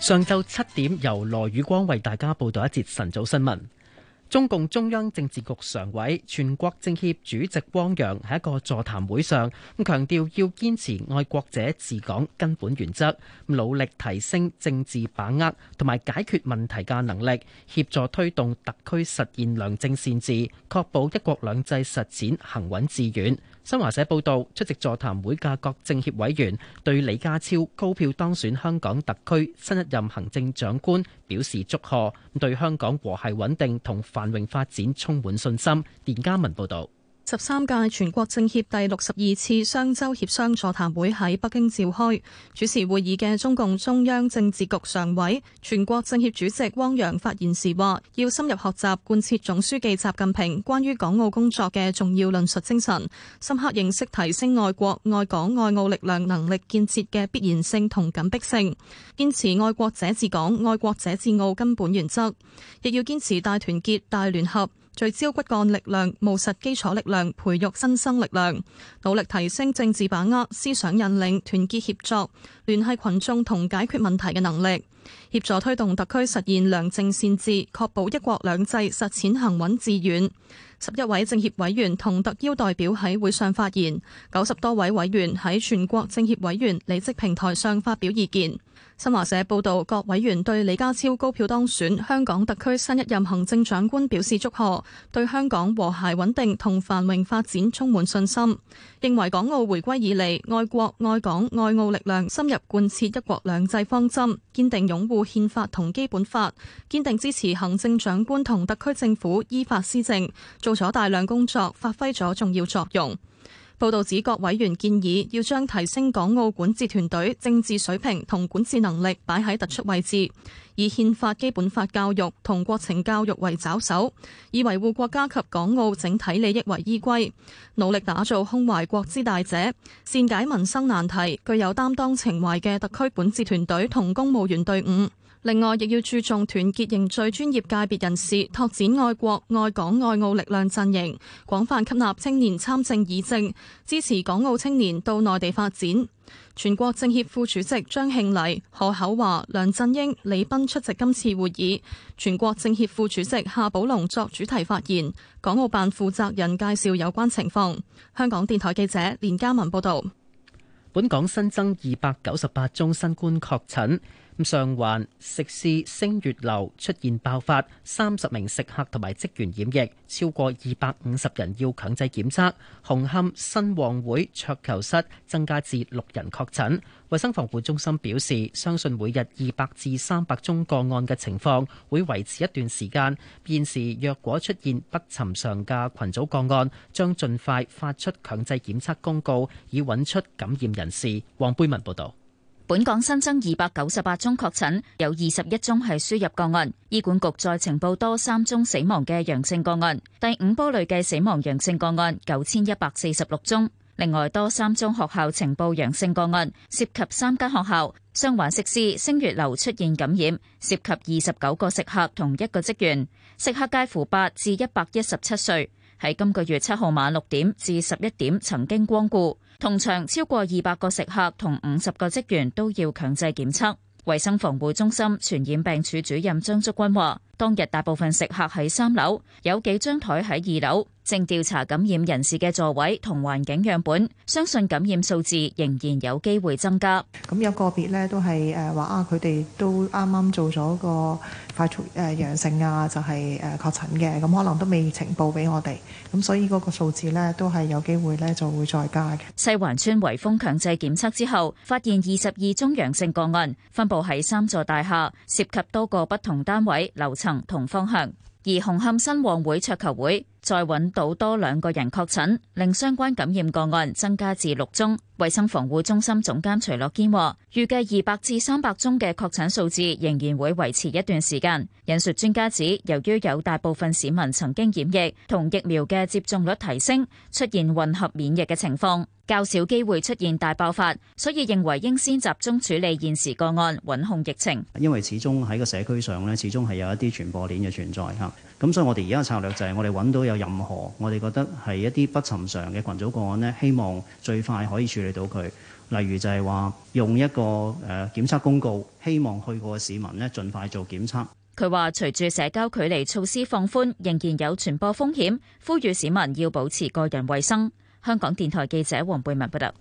上晝七點，由羅宇光為大家報道一節晨早新聞。中共中央政治局常委、全國政協主席汪洋喺一個座談會上，咁強調要堅持愛國者治港根本原則，努力提升政治把握同埋解決問題嘅能力，協助推動特區實現良政善治，確保一國兩制實踐行穩致遠。新華社報道，出席座談會嘅各政協委員對李家超高票當選香港特區新一任行政長官表示祝賀，對香港和諧穩定同繁榮發展充滿信心。田家文報道。十三屆全國政協第六十二次雙周協商座談會喺北京召開。主持會議嘅中共中央政治局常委、全國政協主席汪洋發言時話，要深入學習貫徹總書記習近平關於港澳工作嘅重要論述精神，深刻認識提升愛國愛港愛澳力量能力建設嘅必然性同緊迫性，堅持愛國者治港、愛國者治澳根本原則，亦要堅持大團結、大聯合。聚焦骨幹力量，務實基礎力量，培育新生力量，努力提升政治把握、思想引領、團結協作、聯繫群眾同解決問題嘅能力，協助推動特區實現良政善治，確保一國兩制實踐行穩致遠。十一位政協委員同特邀代表喺會上發言，九十多位委員喺全國政協委員履職平台上發表意見。新華社報道，各委員對李家超高票當選香港特區新一任行政長官表示祝賀，對香港和諧穩定同繁榮發展充滿信心，認為港澳回歸以嚟，愛國愛港愛澳力量深入貫徹一國兩制方針，堅定擁護憲法同基本法，堅定支持行政長官同特區政府依法施政，做咗大量工作，發揮咗重要作用。報道指，各委員建議要將提升港澳管治團隊政治水平同管治能力擺喺突出位置，以憲法、基本法教育同國情教育為抓手，以維護國家及港澳整體利益為依歸，努力打造胸懷國之大者、善解民生難題、具有擔當情懷嘅特區管治團隊同公務員隊伍。另外，亦要注重團結凝聚專業界別人士，拓展愛國愛港愛澳力量陣營，廣泛吸納青年參政議政，支持港澳青年到內地發展。全國政協副主席張慶黎、何厚華、梁振英、李斌出席今次會議，全國政協副主席夏寶龍作主題發言。港澳辦負責人介紹有關情況。香港電台記者連嘉文報道。本港新增二百九十八宗新冠確診。上環食肆星月樓出現爆發，三十名食客同埋職員染疫，超過二百五十人要強制檢測。紅磡新旺會桌球室增加至六人確診。衛生防護中心表示，相信每日二百至三百宗個案嘅情況會維持一段時間。現時若果出現不尋常嘅群組個案，將盡快發出強制檢測公告，以揾出感染人士。黃貝文報道。本港新增二百九十八宗確診，有二十一宗係輸入個案。醫管局再呈報多三宗死亡嘅陽性個案，第五波累計死亡陽性個案九千一百四十六宗。另外多三宗學校呈報陽性個案，涉及三間學校雙環食肆星月樓出現感染，涉及二十九個食客同一個職員，食客介乎八至一百一十七歲。喺今個月七號晚六點至十一點，曾經光顧，同場超過二百個食客同五十個職員都要強制檢測。衛生防護中心傳染病處主任張竹君話。當日大部分食客喺三樓，有幾張檯喺二樓。正調查感染人士嘅座位同環境樣本，相信感染數字仍然有機會增加。咁有個別咧都係，誒話啊，佢哋都啱啱做咗個快速誒陽性啊，就係誒確診嘅。咁、啊、可能都未呈報俾我哋，咁所以嗰個數字咧都係有機會咧就會再加嘅。西環村圍封強制檢測之後，發現二十二宗陽性個案，分布喺三座大廈，涉及多個不同單位樓層層同方向，而紅磡新旺會桌球會再揾到多兩個人確診，令相關感染個案增加至六宗。衛生防護中心總監徐樂堅話，預計二百至三百宗嘅確診數字仍然會維持一段時間。引述專家指，由於有大部分市民曾經染疫同疫苗嘅接種率提升，出現混合免疫嘅情況。較少機會出現大爆發，所以認為應先集中處理現時個案，穩控疫情。因為始終喺個社區上呢，始終係有一啲傳播鏈嘅存在吓，咁所以我哋而家策略就係我哋揾到有任何我哋覺得係一啲不尋常嘅群組個案呢，希望最快可以處理到佢。例如就係話用一個誒檢測公告，希望去過嘅市民呢，盡快做檢測。佢話，隨住社交距離措施放寬，仍然有傳播風險，呼籲市民要保持個人衛生。香港電台記者黃貝文報道。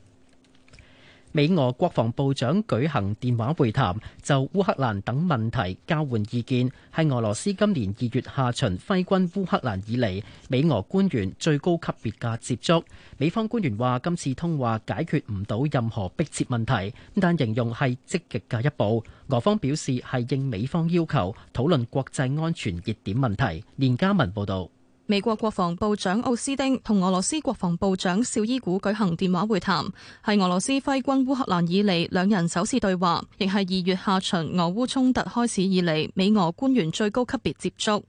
美俄國防部長舉行電話會談，就烏克蘭等問題交換意見，係俄羅斯今年二月下旬揮軍烏克蘭以嚟，美俄官員最高級別嘅接觸。美方官員話，今次通話解決唔到任何迫切問題，但形容係積極嘅一步。俄方表示係應美方要求討論國際安全熱點問題。連家文報道。美國國防部長奧斯丁同俄羅斯國防部長紹伊古舉行電話會談，係俄羅斯揮軍烏克蘭以嚟兩人首次對話，亦係二月下旬俄烏衝突開始以嚟美俄官員最高級別接觸。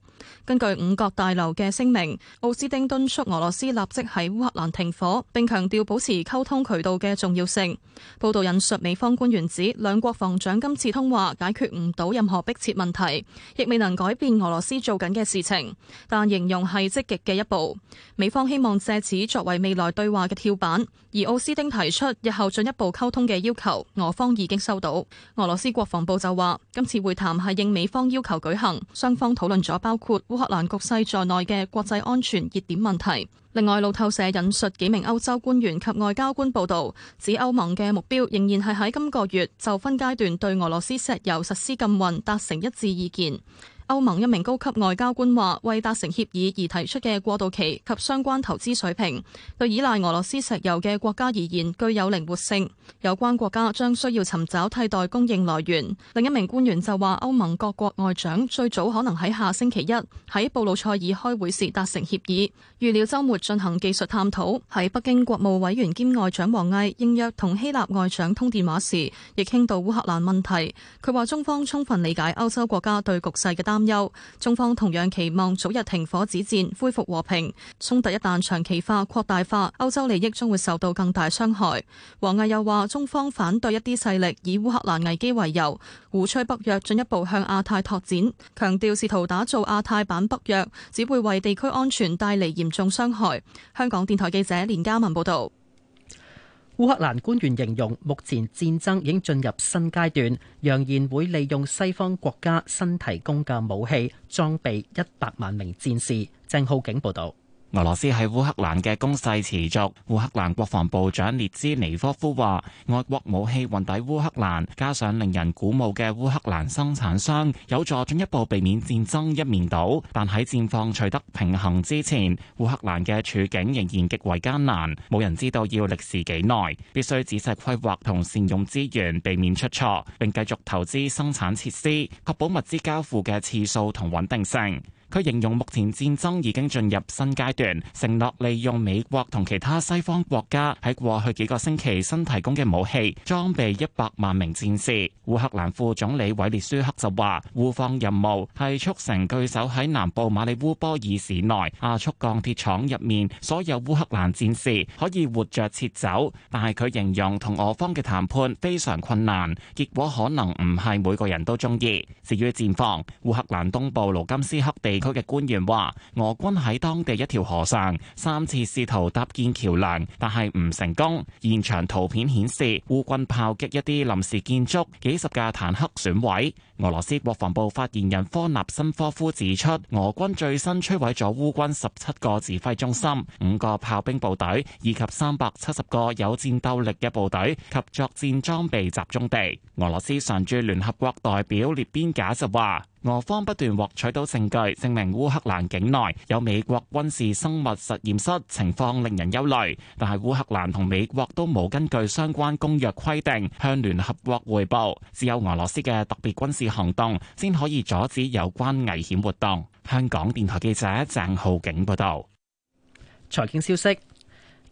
根據五角大樓嘅聲明，奧斯丁敦促俄羅斯立即喺烏克蘭停火，並強調保持溝通渠道嘅重要性。報道引述美方官員指，兩國防長今次通話解決唔到任何迫切問題，亦未能改變俄羅斯做緊嘅事情，但形容係積極嘅一步。美方希望借此作為未來對話嘅跳板，而奧斯丁提出日後進一步溝通嘅要求，俄方已經收到。俄羅斯國防部就話，今次會談係應美方要求舉行，雙方討論咗包括烏克蘭局勢在內嘅國際安全熱點問題。另外，路透社引述幾名歐洲官員及外交官報道，指歐盟嘅目標仍然係喺今個月就分階段對俄羅斯石油實施禁運達成一致意見。歐盟一名高級外交官話：為達成協議而提出嘅過渡期及相關投資水平，對依賴俄羅斯石油嘅國家而言具有靈活性。有關國家將需要尋找替代供應來源。另一名官員就話：歐盟各國外長最早可能喺下星期一喺布魯塞爾開會時達成協議，預料周末進行技術探討。喺北京國務委員兼外長王毅應約同希臘外長通電話時，亦傾到烏克蘭問題。佢話中方充分理解歐洲國家對局勢嘅擔憂，中方同樣期望早日停火止戰，恢復和平。衝突一旦長期化、擴大化，歐洲利益將會受到更大傷害。王毅又話，中方反對一啲勢力以烏克蘭危機為由，鼓吹北約進一步向亞太拓展，強調試圖打造亞太版北約，只會為地區安全帶嚟嚴重傷害。香港電台記者連家文報道。烏克蘭官員形容目前戰爭已經進入新階段，揚言會利用西方國家新提供嘅武器裝備一百萬名戰士。鄭浩景報道。俄羅斯喺烏克蘭嘅攻勢持續。烏克蘭國防部長列茲尼科夫話：外國武器運抵烏克蘭，加上令人鼓舞嘅烏克蘭生產商，有助進一步避免戰爭一面倒。但喺戰況取得平衡之前，烏克蘭嘅處境仍然極為艱難。冇人知道要歷時幾耐，必須仔細規劃同善用資源，避免出錯，並繼續投資生產設施，確保物資交付嘅次數同穩定性。佢形容目前戰爭已經進入新階段，承諾利用美國同其他西方國家喺過去幾個星期新提供嘅武器裝備，一百萬名戰士。烏克蘭副總理韋列舒克就話，互放任務係促成據守喺南部馬里烏波爾市內亞速鋼鐵廠入面所有烏克蘭戰士可以活著撤走。但係佢形容同俄方嘅談判非常困難，結果可能唔係每個人都中意。至於戰況，烏克蘭東部盧甘斯克地區嘅官員話，俄軍喺當地一條河上三次試圖搭建橋樑，但係唔成功。現場圖片顯示，烏軍炮擊一啲臨時建築，幾十架坦克損毀。俄羅斯國防部發言人科納申科夫指出，俄軍最新摧毀咗烏軍十七個指揮中心、五個炮兵部隊以及三百七十個有戰鬥力嘅部隊及作戰裝備集中地。俄羅斯常駐聯合國代表列邊賈就話，俄方不斷獲取到證據，證明烏克蘭境內有美國軍事生物實驗室，情況令人憂慮。但係烏克蘭同美國都冇根據相關公約規定向聯合國匯報，只有俄羅斯嘅特別軍事行動，先可以阻止有關危險活動。香港電台記者鄭浩景報道。財經消息。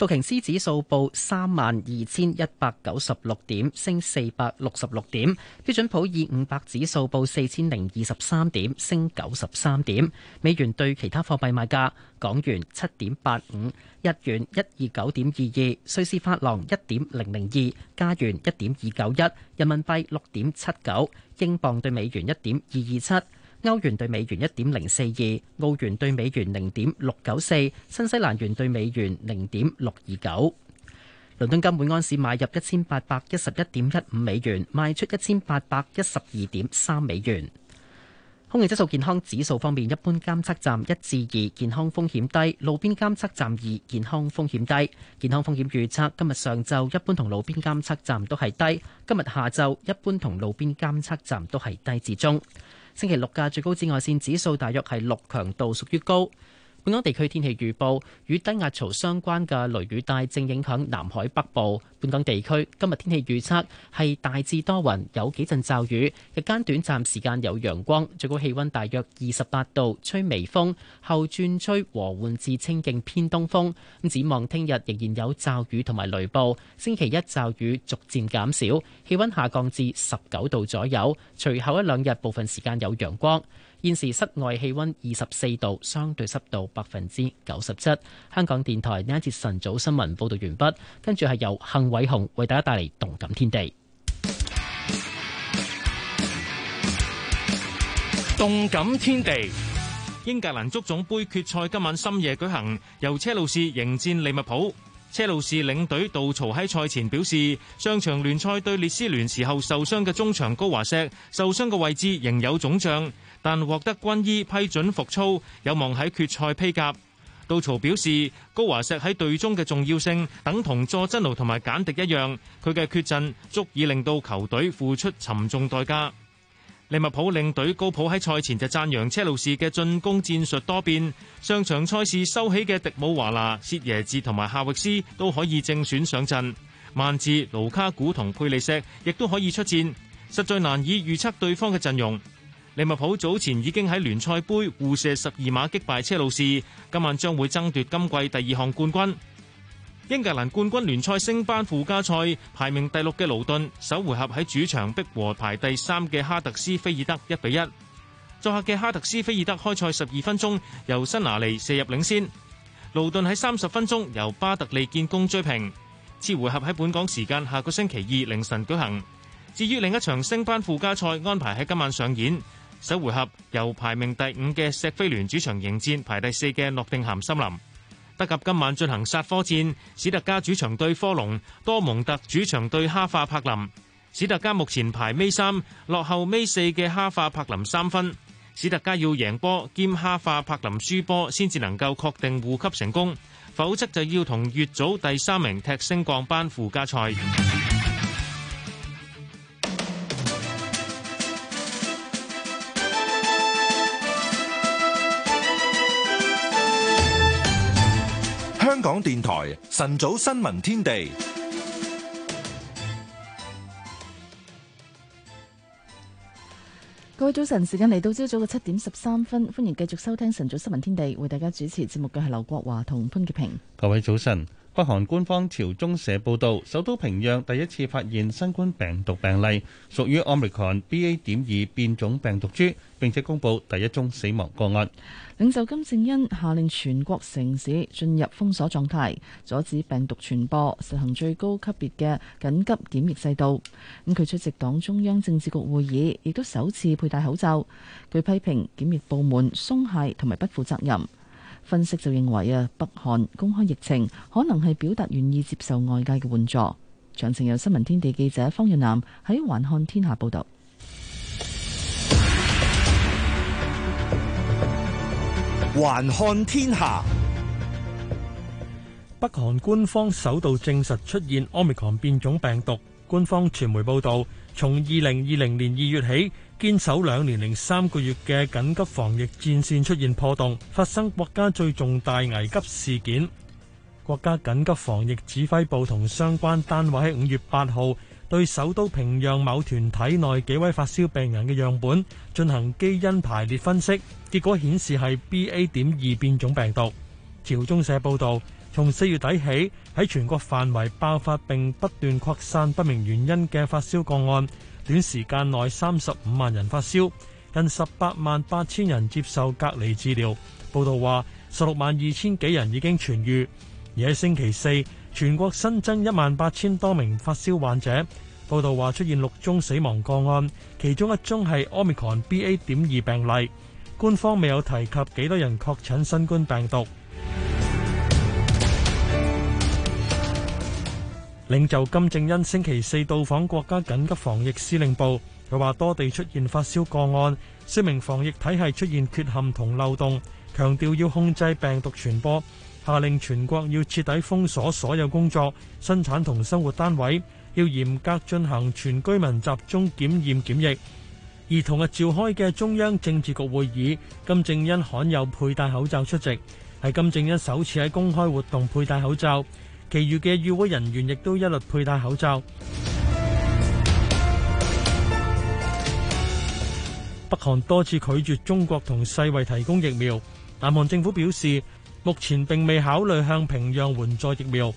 道瓊斯指數報三萬二千一百九十六點，升四百六十六點。標準普爾五百指數報四千零二十三點，升九十三點。美元對其他貨幣賣價：港元七點八五，日元一二九點二二，瑞士法郎一點零零二，加元一點二九一，人民幣六點七九，英鎊兌美元一點二二七。歐元對美元一點零四二，澳元對美元零點六九四，新西蘭元對美元零點六二九。倫敦金每安士買入一千八百一十一點一五美元，賣出一千八百一十二點三美元。空氣質素健康指數方面，一般監測站一至二，健康風險低；路邊監測站二，健康風險低。健康風險預測今日上晝一般同路邊監測站都係低，今日下晝一般同路邊監測站都係低至中。星期六嘅最高紫外線指數大約係六，強度屬於高。本港地區天氣預報，與低壓槽相關嘅雷雨帶正影響南海北部。本港地區今日天氣預測係大致多雲，有幾陣驟雨，日間短暫時間有陽光，最高氣温大約二十八度，吹微風，後轉吹和緩至清勁偏東風。咁展望聽日仍然有驟雨同埋雷暴，星期一驟雨逐漸減,減少，氣温下降至十九度左右，隨後一兩日部分時間有陽光。現時室外氣温二十四度，相對濕度百分之九十七。香港電台第一節晨早新聞報道完畢。跟住係由幸偉雄為大家帶嚟動感天地。動感天地，英格蘭足總杯決賽今晚深夜舉行，由車路士迎戰利物浦。車路士領隊杜曹喺賽前表示，上場聯賽對列斯聯時候受傷嘅中場高華錫，受傷嘅位置仍有腫脹。但獲得軍醫批准復操，有望喺決賽披甲。杜曹表示，高華石喺隊中嘅重要性等同佐真奴同埋簡迪一樣，佢嘅缺陣足以令到球隊付出沉重代價。利物浦領隊高普喺賽前就讚揚車路士嘅進攻戰術多變，上場賽事收起嘅迪姆華拿、薛耶治同埋夏域斯都可以正選上陣，曼治、盧卡古同佩利錫亦都可以出戰，實在難以預測對方嘅陣容。利物浦早前已經喺聯賽杯互射十二碼擊敗車路士，今晚將會爭奪今季第二項冠軍。英格蘭冠軍聯賽升班附加賽排名第六嘅勞頓，首回合喺主場逼和排第三嘅哈特斯菲爾德一比一。作客嘅哈特斯菲爾德開賽十二分鐘由辛拿尼射入領先，勞頓喺三十分鐘由巴特利建功追平。次回合喺本港時間下個星期二凌晨舉行。至於另一場升班附加賽安排喺今晚上演。首回合由排名第五嘅石飛聯主場迎戰排第四嘅諾定咸森林。德甲今晚進行煞科戰，史特加主場對科隆，多蒙特主場對哈化柏林。史特加目前排尾三，落後尾四嘅哈化柏林三分。史特加要贏波兼哈化柏林輸波，先至能夠確定護級成功，否則就要同月組第三名踢升降班附加賽。香港電台晨早新聞天地，各位早晨，時間嚟到朝早嘅七點十三分，歡迎繼續收聽晨早新聞天地，為大家主持節目嘅係劉國華同潘潔平。各位早晨。北韓官方朝中社報導，首都平壤第一次發現新冠病毒病例，屬於 Omicron BA 點二變種病毒株，並且公布第一宗死亡個案。領袖金正恩下令全國城市進入封鎖狀態，阻止病毒傳播，實行最高級別嘅緊急檢疫制度。咁佢出席黨中央政治局會議，亦都首次佩戴口罩。佢批評檢疫部門鬆懈同埋不負責任。分析就認為啊，北韓公開疫情可能係表達願意接受外界嘅援助。詳情由新聞天地記者方若南喺《環看天下》報道。環看天下，北韓官方首度證實出現 Omicron 變種病毒。官方傳媒報道，從二零二零年二月起。堅守兩年零三個月嘅緊急防疫戰線出現破洞，發生國家最重大危急事件。國家緊急防疫指揮部同相關單位喺五月八號，對首都平壤某團體內幾位發燒病人嘅樣本進行基因排列分析，結果顯示係 BA. 點二變種病毒。朝中社報道，從四月底起喺全國範圍爆發並不斷擴散不明原因嘅發燒個案。短時間內三十五萬人發燒，近十八萬八千人接受隔離治療。報道話，十六萬二千幾人已經痊癒。而喺星期四，全國新增一萬八千多名發燒患者。報道話出現六宗死亡個案，其中一宗係奧密克戎 BA. 點二病例。官方未有提及幾多人確診新冠病毒。領袖金正恩星期四到訪國家緊急防疫司令部，佢話多地出現發燒個案，說明防疫體係出現缺陷同漏洞，強調要控制病毒傳播，下令全國要徹底封鎖所有工作、生產同生活單位，要嚴格進行全居民集中檢驗檢疫。而同日召開嘅中央政治局會議，金正恩罕有佩戴口罩出席，係金正恩首次喺公開活動佩戴口罩。其餘嘅與會人員亦都一律佩戴口罩。北韓多次拒絕中國同世衛提供疫苗，南韓政府表示目前並未考慮向平壤援助疫苗。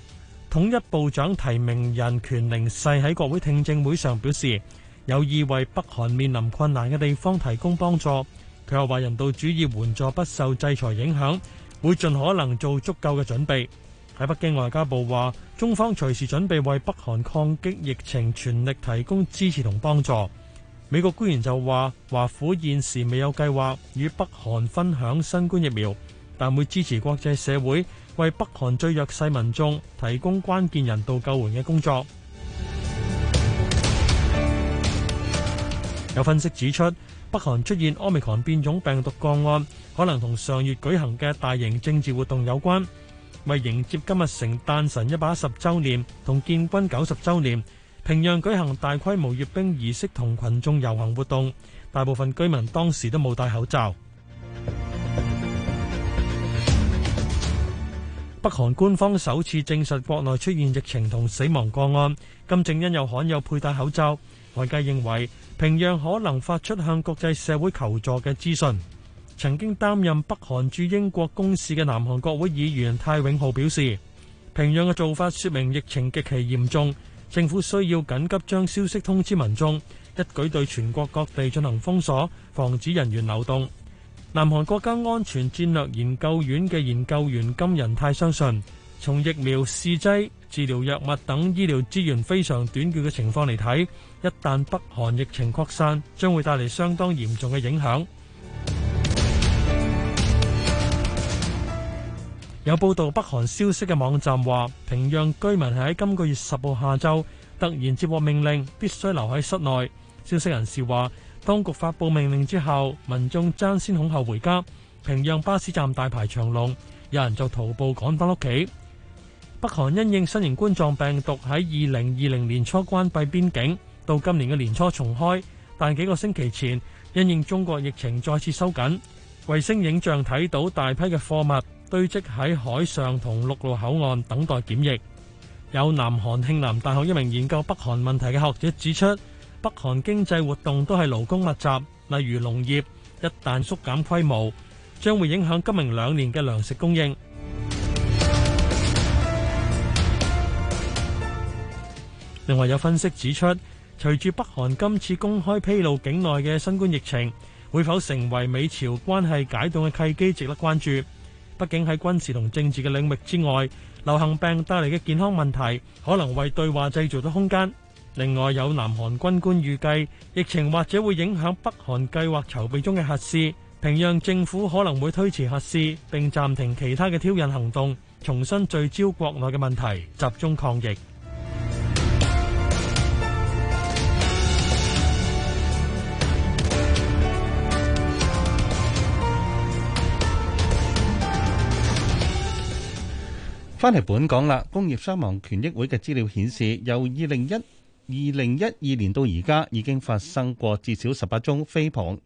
統一部長提名人權寧世喺國會聽證會上表示，有意為北韓面臨困難嘅地方提供幫助。佢又話人道主義援助不受制裁影響，會盡可能做足夠嘅準備。喺北京外交部話，中方隨時準備為北韓抗擊疫情，全力提供支持同幫助。美國官員就話華府現時未有計劃與北韓分享新冠疫苗，但會支持國際社會為北韓最弱勢民眾提供關鍵人道救援嘅工作。有分析指出，北韓出現奧密克戎變種病毒個案，可能同上月舉行嘅大型政治活動有關。為迎接金日成誕辰一百一十周年同建軍九十周年，平壤舉行大規模閱兵儀式同群眾遊行活動，大部分居民當時都冇戴口罩。 北韓官方首次證實國內出現疫情同死亡個案，金正恩又罕有佩戴口罩，外界認為平壤可能發出向國際社會求助嘅資訊。曾經擔任北韓駐英國公使嘅南韓國會議員太永浩表示：平壤嘅做法說明疫情極其嚴重，政府需要緊急將消息通知民眾，一舉對全國各地進行封鎖，防止人員流動。南韓國家安全戰略研究院嘅研究員金仁泰相信，從疫苗試劑、治療藥物等醫療資源非常短缺嘅情況嚟睇，一旦北韓疫情擴散，將會帶嚟相當嚴重嘅影響。有報道北韓消息嘅網站話，平壤居民係喺今個月十號下晝突然接獲命令，必須留喺室內。消息人士話，當局發布命令之後，民眾爭先恐後回家，平壤巴士站大排長龍，有人就徒步趕返屋企。北韓因應新型冠狀病毒喺二零二零年初關閉邊境，到今年嘅年初重開，但幾個星期前因應中國疫情再次收緊。衛星影像睇到大批嘅貨物堆積喺海上同陸路口岸等待檢疫。有南韓慶南大學一名研究北韓問題嘅學者指出，北韓經濟活動都係勞工密集，例如農業，一旦縮減規模，將會影響今明兩年嘅糧食供應。另外，有分析指出，隨住北韓今次公開披露境內嘅新冠疫情，會否成為美朝關係解凍嘅契機，值得關注。畢竟喺軍事同政治嘅領域之外，流行病帶嚟嘅健康問題，可能為對話製造咗空間。另外，有南韓軍官預計，疫情或者會影響北韓計劃籌備中嘅核試，平壤政府可能會推遲核試，並暫停其他嘅挑釁行動，重新聚焦國內嘅問題，集中抗疫。翻嚟本港啦，工業傷亡權益會嘅資料顯示，由二零一二零一二年到而家，已經發生過至少十八宗飛棚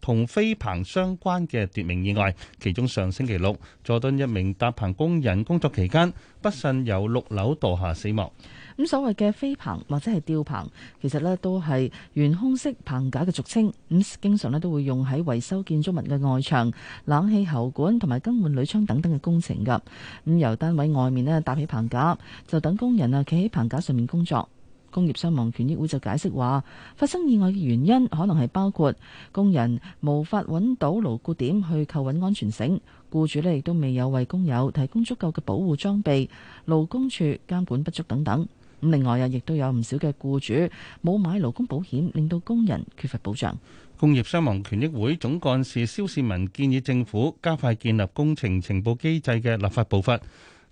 同飛棚相關嘅奪命意外，其中上星期六，佐敦一名搭棚工人工作期間不慎由六樓墮下死亡。咁所謂嘅飛棚或者係吊棚，其實呢都係懸空式棚架嘅俗稱。咁經常咧都會用喺維修建築物嘅外牆、冷氣喉管同埋更換鋁窗等等嘅工程㗎。咁、嗯、由單位外面咧搭起棚架，就等工人啊企喺棚架上面工作。工業傷亡權益會就解釋話，發生意外嘅原因可能係包括工人無法揾到牢固點去扣穩安全繩，僱主呢亦都未有為工友提供足夠嘅保護裝備，勞工處監管不足等等。咁另外啊，亦都有唔少嘅僱主冇買勞工保險，令到工人缺乏保障。工業傷亡權益會總幹事蕭士文建議政府加快建立工程情報機制嘅立法步伐，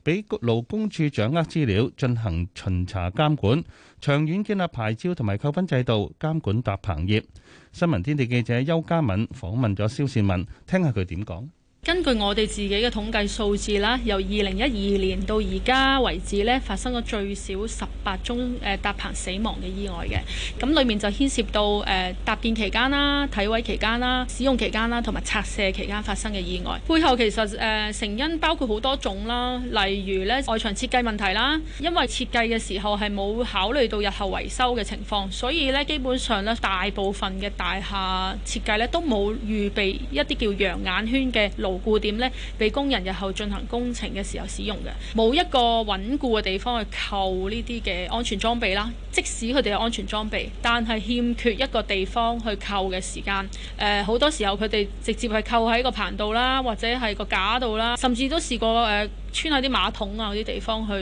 俾勞工處掌握資料進行巡查監管，長遠建立牌照同埋扣分制度監管搭棚業。新聞天地記者邱家敏訪問咗蕭士文，聽下佢點講。根據我哋自己嘅統計數字啦，由二零一二年到而家為止咧，發生咗最少十八宗誒搭棚死亡嘅意外嘅。咁裡面就牽涉到誒搭建期間啦、體位期間啦、使用期間啦同埋拆卸期間發生嘅意外。背後其實誒、呃、成因包括好多種啦，例如咧外牆設計問題啦，因為設計嘅時候係冇考慮到日後維修嘅情況，所以咧基本上咧大部分嘅大廈設計咧都冇預備一啲叫羊眼圈嘅路。穩固點咧，俾工人日後進行工程嘅時候使用嘅，冇一個穩固嘅地方去扣呢啲嘅安全裝備啦。即使佢哋有安全裝備，但係欠缺一個地方去扣嘅時間。誒、呃，好多時候佢哋直接係扣喺個棚度啦，或者係個架度啦，甚至都試過誒。呃穿下啲馬桶啊嗰啲地方去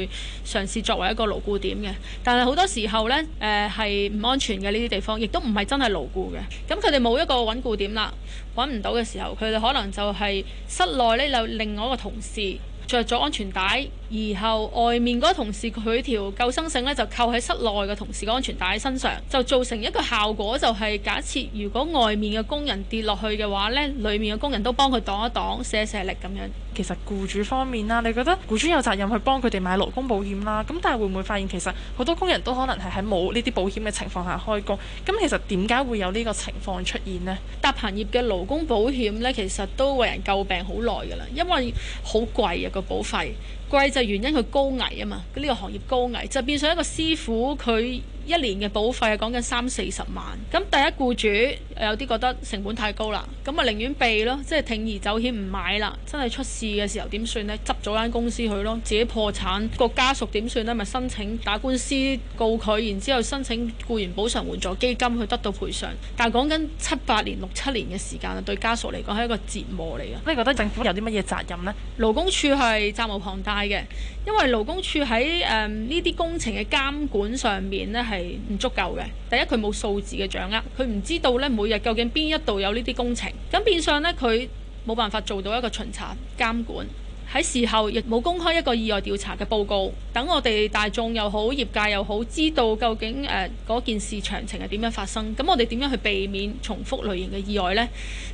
嘗試作為一個牢固點嘅，但係好多時候呢，誒係唔安全嘅呢啲地方，亦都唔係真係牢固嘅。咁佢哋冇一個穩固點啦，揾唔到嘅時候，佢哋可能就係室內呢有另外一個同事着咗安全帶。然後外面個同事佢條救生繩呢，就扣喺室內嘅同事個安全帶身上，就造成一個效果，就是，就係假設如果外面嘅工人跌落去嘅話，呢裡面嘅工人都幫佢擋一擋，卸一卸力咁樣。其實僱主方面啦，你覺得僱主有責任去幫佢哋買勞工保險啦，咁但係會唔會發現其實好多工人都可能係喺冇呢啲保險嘅情況下開工？咁其實點解會有呢個情況出現呢？搭棚業嘅勞工保險呢，其實都為人詬病好耐㗎啦，因為好貴啊個保費。貴就原因佢高危啊嘛，咁、這、呢個行業高危，就變成一個師傅佢。一年嘅保費係講緊三四十萬，咁第一僱主有啲覺得成本太高啦，咁咪寧願避咯，即係鋌而走險唔買啦。真係出事嘅時候點算呢？執咗間公司去咯，自己破產，個家屬點算呢？咪申請打官司告佢，然之後申請僱員補償援助基金去得到賠償。但係講緊七八年六七年嘅時間啊，對家屬嚟講係一個折磨嚟嘅。你覺得政府有啲乜嘢責任呢？勞工處係責無旁貸嘅。因為勞工處喺誒呢啲工程嘅監管上面呢係唔足夠嘅，第一，佢冇數字嘅掌握，佢唔知道呢每日究竟邊一度有呢啲工程，咁變相呢佢冇辦法做到一個巡查監管。喺事後亦冇公開一個意外調查嘅報告，等我哋大眾又好，業界又好，知道究竟誒嗰、呃、件事詳情係點樣發生。咁我哋點樣去避免重複類型嘅意外呢？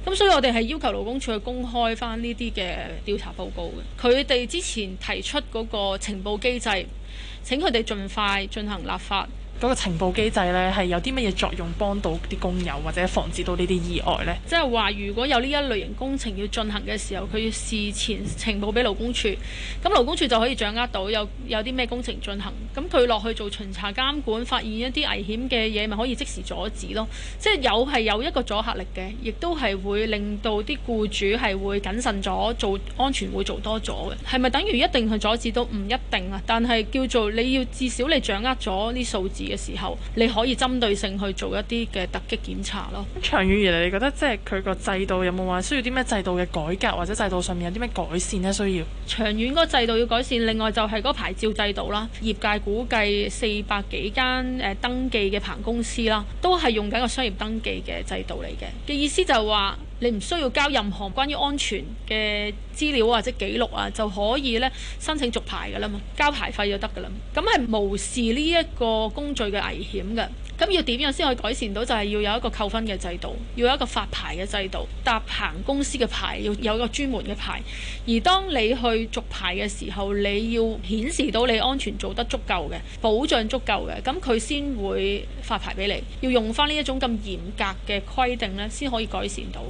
咁所以我哋係要求勞工處去公開翻呢啲嘅調查報告嘅。佢哋之前提出嗰個情報機制，請佢哋盡快進行立法。嗰個情報機制咧，係有啲乜嘢作用，幫到啲工友或者防止到呢啲意外呢？即係話如果有呢一類型工程要進行嘅時候，佢要事前情報俾勞工處，咁勞工處就可以掌握到有有啲咩工程進行，咁佢落去做巡查監管，發現一啲危險嘅嘢咪可以即時阻止咯。即係有係有一個阻嚇力嘅，亦都係會令到啲僱主係會謹慎咗做安全會做多咗嘅。係咪等於一定去阻止到？唔一定啊，但係叫做你要至少你掌握咗啲數字嘅時候，你可以針對性去做一啲嘅突擊檢查咯。長遠嚟，你覺得即係佢個制度有冇話需要啲咩制度嘅改革，或者制度上面有啲咩改善呢？需要長遠嗰個制度要改善，另外就係嗰牌照制度啦。業界估計四百幾間誒登記嘅棚公司啦，都係用緊個商業登記嘅制度嚟嘅。嘅意思就係話。你唔需要交任何關於安全嘅資料或者記錄啊，就可以咧申請續牌噶啦嘛，交牌費就得噶啦。咁係無視呢一個工序嘅危險嘅。咁要點樣先可以改善到？就係要有一個扣分嘅制度，要有一個發牌嘅制度，搭棚公司嘅牌要有一個專門嘅牌。而當你去續牌嘅時候，你要顯示到你安全做得足夠嘅，保障足夠嘅，咁佢先會發牌俾你。要用翻呢一種咁嚴格嘅規定咧，先可以改善到。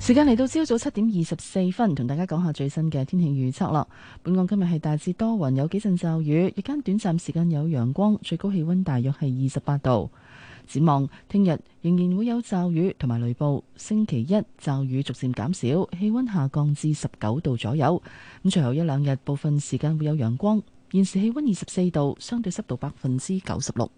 時間嚟到朝早七點二十四分，同大家講下最新嘅天氣預測啦。本港今日係大致多雲，有幾陣驟雨，日間短暫時間有陽光，最高氣溫大約係二十八度。展望聽日仍然會有驟雨同埋雷暴，星期一驟雨逐漸減少，氣溫下降至十九度左右。咁隨後一兩日部分時間會有陽光。現時氣溫二十四度，相對濕度百分之九十六。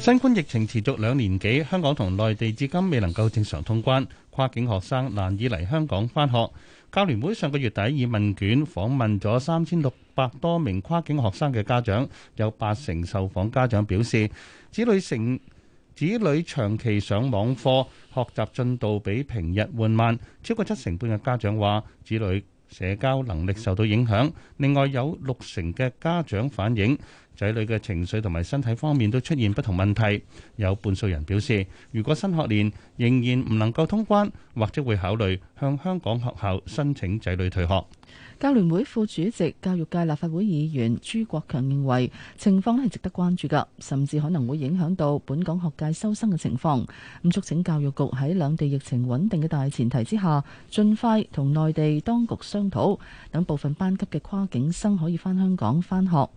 新冠疫情持續兩年幾，香港同內地至今未能夠正常通關，跨境學生難以嚟香港返學。教聯會上個月底以問卷訪問咗三千六百多名跨境學生嘅家長，有八成受訪家長表示，子女成。子女長期上網課，學習進度比平日緩慢，超過七成半嘅家長話，子女社交能力受到影響。另外有六成嘅家長反映，仔女嘅情緒同埋身體方面都出現不同問題。有半數人表示，如果新學年仍然唔能夠通關，或者會考慮向香港學校申請仔女退學。教聯會副主席、教育界立法會議員朱國強認為情況咧係值得關注噶，甚至可能會影響到本港學界收生嘅情況。咁，促請教育局喺兩地疫情穩定嘅大前提之下，盡快同內地當局商討，等部分班級嘅跨境生可以翻香港翻學。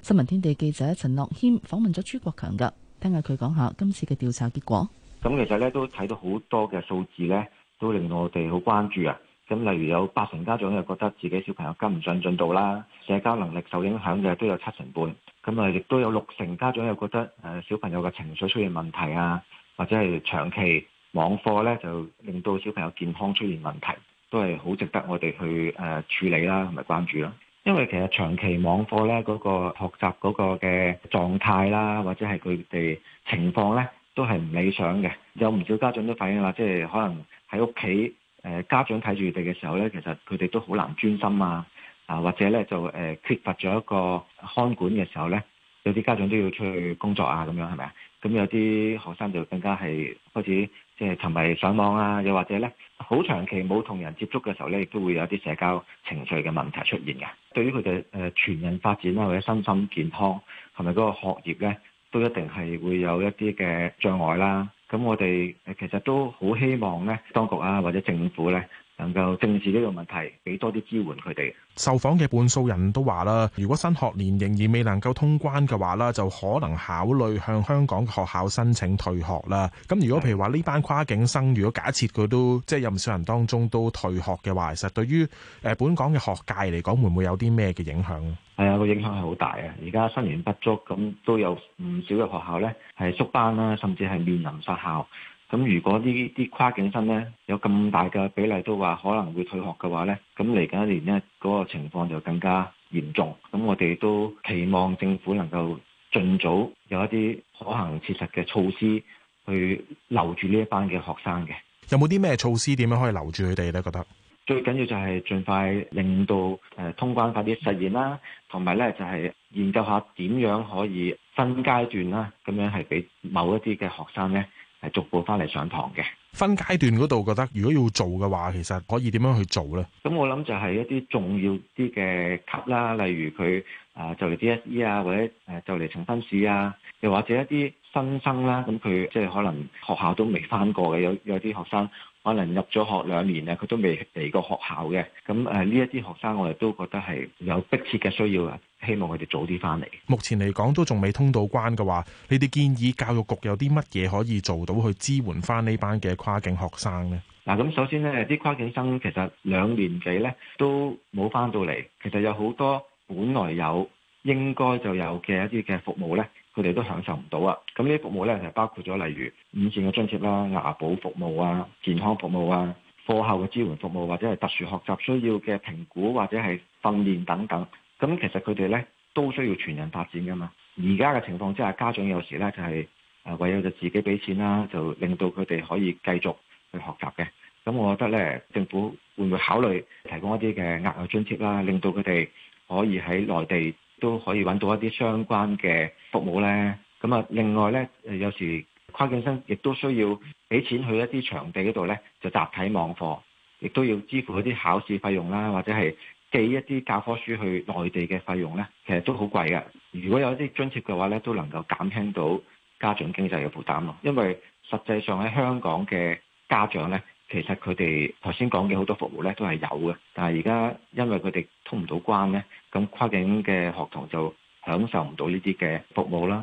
新聞天地記者陳樂謙訪問咗朱國強噶，聽下佢講下今次嘅調查結果。咁其實呢都睇到好多嘅數字呢，都令我哋好關注啊！咁例如有八成家長又覺得自己小朋友跟唔上進度啦，社交能力受影響嘅都有七成半。咁啊，亦都有六成家長又覺得誒小朋友嘅情緒出現問題啊，或者係長期網課呢就令到小朋友健康出現問題，都係好值得我哋去誒處理啦同埋關注囉。因為其實長期網課呢嗰個學習嗰個嘅狀態啦，或者係佢哋情況呢，都係唔理想嘅。有唔少家長都反映啦，即係可能喺屋企。誒家長睇住佢哋嘅時候咧，其實佢哋都好難專心啊！啊，或者咧就誒、呃、缺乏咗一個看管嘅時候咧，有啲家長都要出去工作啊，咁樣係咪啊？咁有啲學生就更加係開始即係沉迷上網啊，又或者咧好長期冇同人接觸嘅時候咧，亦都會有啲社交情緒嘅問題出現嘅。對於佢哋誒全人發展啦，或者身心健康同埋嗰個學業咧，都一定係會有一啲嘅障礙啦。咁我哋誒其實都好希望咧，當局啊或者政府咧，能夠正視呢個問題，俾多啲支援佢哋。受訪嘅半數人都話啦，如果新學年仍然未能夠通關嘅話啦，就可能考慮向香港嘅學校申請退學啦。咁如果譬如話呢班跨境生，如果假設佢都即係任唔少人當中都退學嘅話，其實對於誒本港嘅學界嚟講，會唔會有啲咩嘅影響咧？係啊，個影響係好大啊！而家生源不足，咁都有唔少嘅學校呢係縮班啦，甚至係面臨失效。咁如果呢啲跨境生咧，有咁大嘅比例都話可能會退學嘅話呢？咧，咁嚟緊一年咧嗰、嗰個情況就更加嚴重。咁我哋都期望政府能夠盡早有一啲可行切實嘅措施去留住呢一班嘅學生嘅。有冇啲咩措施點樣可以留住佢哋咧？覺得最緊要就係盡快令到誒通關快啲實現啦，同埋咧就係研究下點樣可以分階段啦，咁樣，係俾某一啲嘅學生咧。係逐步翻嚟上堂嘅。分階段嗰度覺得，如果要做嘅話，其實可以點樣去做咧？咁我諗就係一啲重要啲嘅級啦，例如佢啊、呃、就嚟 DSE 啊，或者誒、呃、就嚟呈分試啊，又或者一啲新生啦，咁佢即係可能學校都未翻過嘅，有有啲學生。可能入咗學兩年咧，佢都未嚟過學校嘅。咁誒，呢一啲學生我哋都覺得係有迫切嘅需要啊，希望佢哋早啲翻嚟。目前嚟講都仲未通到關嘅話，你哋建議教育局有啲乜嘢可以做到去支援翻呢班嘅跨境學生呢？嗱，咁首先呢啲跨境生其實兩年幾呢都冇翻到嚟，其實有好多本來有應該就有嘅一啲嘅服務呢。佢哋都享受唔到啊！咁呢啲服務呢，就包括咗例如午膳嘅津貼啦、牙保服務啊、健康服務啊、課後嘅支援服務或者係特殊學習需要嘅評估或者係訓練等等。咁其實，佢哋呢都需要全人發展噶嘛。而家嘅情況之下，家長有時呢，就係、是、誒唯有就自己俾錢啦，就令到佢哋可以繼續去學習嘅。咁我覺得呢，政府會唔會考慮提供一啲嘅額外津貼啦，令到佢哋可以喺內地都可以揾到一啲相關嘅服務呢。咁啊，另外呢，有時跨境生亦都需要俾錢去一啲場地嗰度呢，就集體網課，亦都要支付一啲考試費用啦，或者係寄一啲教科書去內地嘅費用呢，其實都好貴嘅。如果有啲津貼嘅話呢，都能夠減輕到家長經濟嘅負擔咯。因為實際上喺香港嘅家長呢。其實佢哋頭先講嘅好多服務咧，都係有嘅，但係而家因為佢哋通唔到關咧，咁跨境嘅學童就享受唔到呢啲嘅服務啦。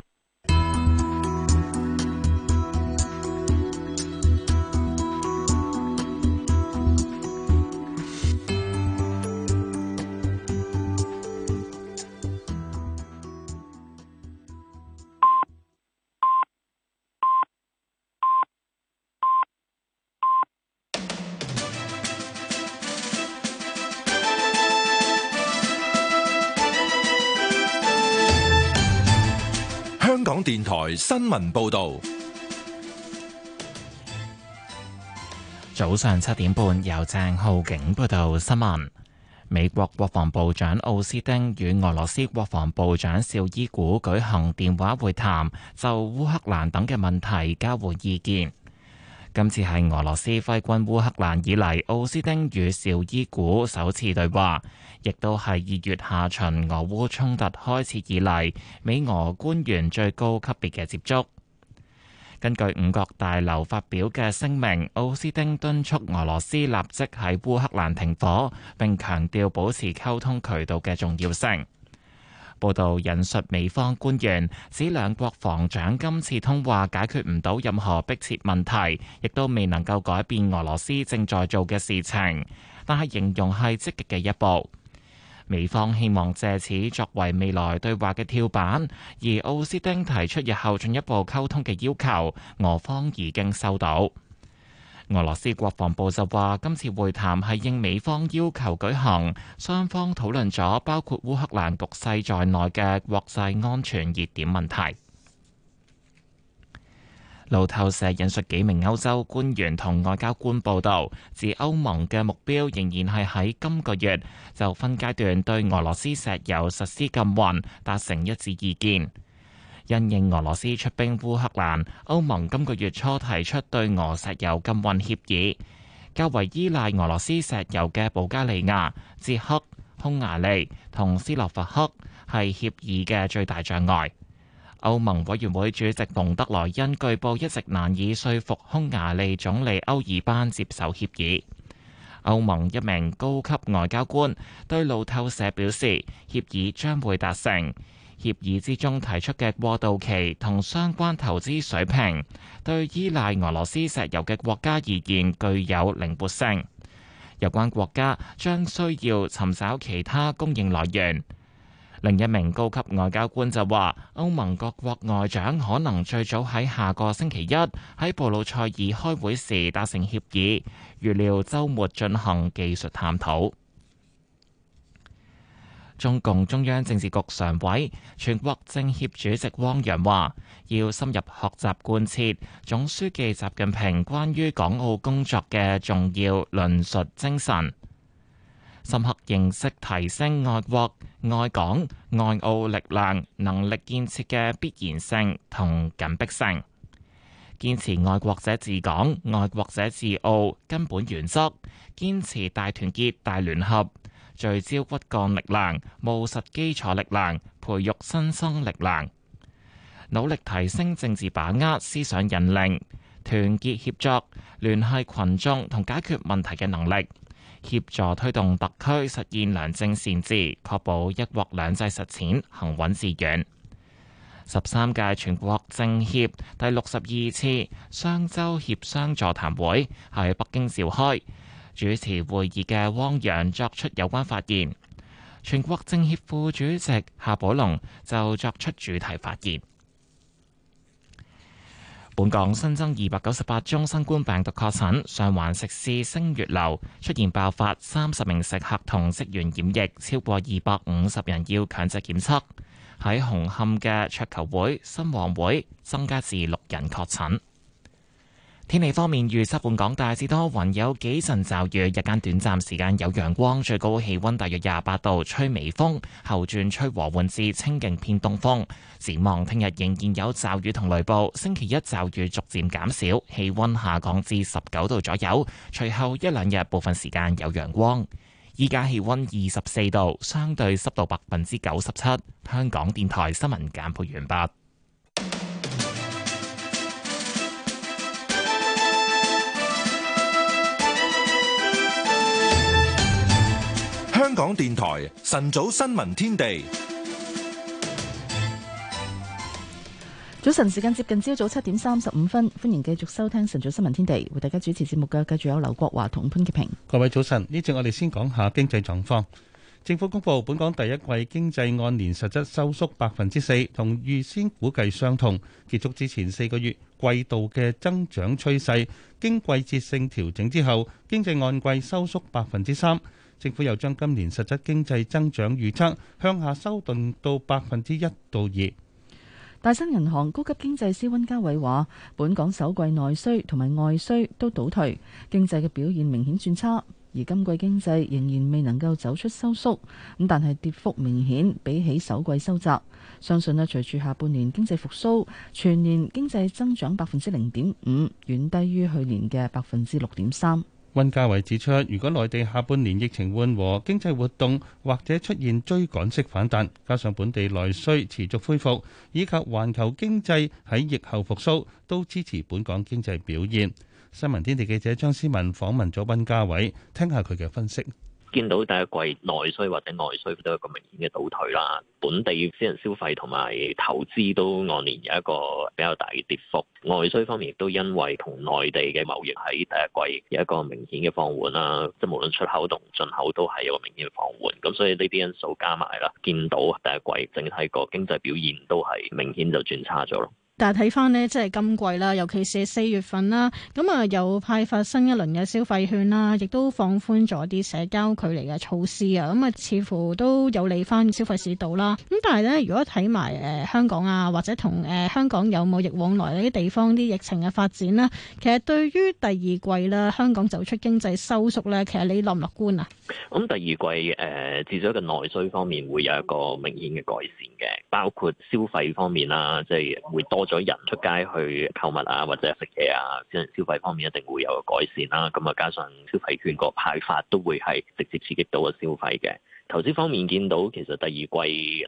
新聞報道，早上七點半由鄭浩景報道新聞。美國國防部長奧斯汀與俄羅斯國防部長紹伊古舉行電話會談，就烏克蘭等嘅問題交換意見。今次係俄羅斯揮軍烏克蘭以嚟，奧斯丁與邵伊古首次對話，亦都係二月下旬俄烏衝突開始以嚟，美俄官員最高級別嘅接觸。根據五角大樓發表嘅聲明，奧斯丁敦促俄羅斯立即喺烏克蘭停火，並強調保持溝通渠道嘅重要性。報道引述美方官員指，兩國防長今次通話解決唔到任何迫切問題，亦都未能夠改變俄羅斯正在做嘅事情，但係形容係積極嘅一步。美方希望借此作為未來對話嘅跳板，而奧斯丁提出日後進一步溝通嘅要求，俄方已經收到。俄羅斯國防部就話，今次會談係應美方要求舉行，雙方討論咗包括烏克蘭局勢在內嘅國際安全熱點問題。路透社引述幾名歐洲官員同外交官報道，指歐盟嘅目標仍然係喺今個月就分階段對俄羅斯石油實施禁運，達成一致意見。因應俄羅斯出兵烏克蘭，歐盟今個月初提出對俄石油禁運協議。較為依賴俄羅斯石油嘅保加利亞、捷克、匈牙利同斯洛伐克係協議嘅最大障礙。歐盟委員會主席馮德萊恩據報一直難以說服匈牙利總理歐爾班接受協議。歐盟一名高級外交官對路透社表示，協議將會達成。協議之中提出嘅過渡期同相關投資水平，對依賴俄羅斯石油嘅國家而言具有靈活性。有關國家將需要尋找其他供應來源。另一名高級外交官就話：歐盟各國外長可能最早喺下個星期一喺布魯塞爾開會時達成協議，預料週末進行技術探討。中共中央政治局常委、全國政協主席汪洋話：要深入學習貫徹總書記習近平關於港澳工作嘅重要論述精神，深刻認識提升愛國愛港愛澳力量能力建設嘅必然性同緊迫性，堅持愛國者治港、愛國者治澳根本原則，堅持大團結大聯合。聚焦骨幹力量，務實基礎力量，培育新生力量，努力提升政治把握、思想引領、團結協作、聯繫群眾同解決問題嘅能力，協助推動特區實現良政善治，確保一國兩制實踐行穩致遠。十三屆全國政協第六十二次雙周協商座談會喺北京召開。主持會議嘅汪洋作出有關發言，全國政協副主席夏寶龍就作出主題發言。本港新增二百九十八宗新冠病毒確診，上環食肆星月樓出現爆發，三十名食客同職員染疫，超過二百五十人要強制檢測。喺紅磡嘅桌球會新皇會增加至六人確診。天氣方面，預測，本港大致多雲，有幾陣驟雨，日間短暫時間有陽光，最高氣溫大約廿八度，吹微風，後轉吹和緩至清勁偏東風。展望聽日仍然有驟雨同雷暴，星期一驟雨逐漸減少，氣溫下降至十九度左右，隨後一兩日部分時間有陽光。而家氣溫二十四度，相對濕度百分之九十七。香港電台新聞簡報完畢。香港電台晨早新聞天地，早晨時間接近朝早七點三十五分，歡迎繼續收聽晨早新聞天地，為大家主持節目嘅繼續有劉國華同潘潔平。各位早晨，呢次我哋先講下經濟狀況。政府公布本港第一季經濟按年實質收縮百分之四，同預先估計相同。結束之前四個月季度嘅增長趨勢，經季節性調整之後，經濟按季收縮百分之三。政府又將今年實質經濟增長預測向下修訂到百分之一到二。大新銀行高級經濟師温家偉話，本港首季內需同埋外需都倒退，經濟嘅表現明顯轉差。而今季經濟仍然未能夠走出收縮，咁但係跌幅明顯，比起首季收窄。相信呢，隨住下半年經濟復甦，全年經濟增長百分之零點五，遠低於去年嘅百分之六點三。温家偉指出，如果內地下半年疫情緩和，經濟活動或者出現追趕式反彈，加上本地內需持續恢復，以及環球經濟喺疫後復甦，都支持本港經濟表現。新聞天地記者張思文訪問咗温家偉，聽下佢嘅分析。見到第一季內需或者外需都有一個明顯嘅倒退啦，本地私人消費同埋投資都按年有一個比較大嘅跌幅，外需方面亦都因為同內地嘅貿易喺第一季有一個明顯嘅放緩啦，即係無論出口同進口都係有個明顯嘅放緩，咁所以呢啲因素加埋啦，見到第一季整體個經濟表現都係明顯就轉差咗咯。但係睇翻呢，即係今季啦，尤其是四月份啦，咁、呃、啊又派發新一輪嘅消費券啦，亦都放寬咗啲社交距離嘅措施啊，咁、嗯、啊似乎都有利翻消費市道啦。咁但係呢，如果睇埋誒香港啊，或者同誒、呃、香港有貿易往來嗰啲地方啲疫情嘅發展咧，其實對於第二季咧香港走出經濟收縮咧，其實你樂唔樂觀啊？咁第二季誒、呃、至少嘅內需方面會有一個明顯嘅改善嘅，包括消費方面啦，即係會多。咗人出街去購物啊，或者食嘢啊，即係消費方面一定會有改善啦。咁啊，加上消費券個派發都會係直接刺激到個消費嘅。投資方面見到，其實第二季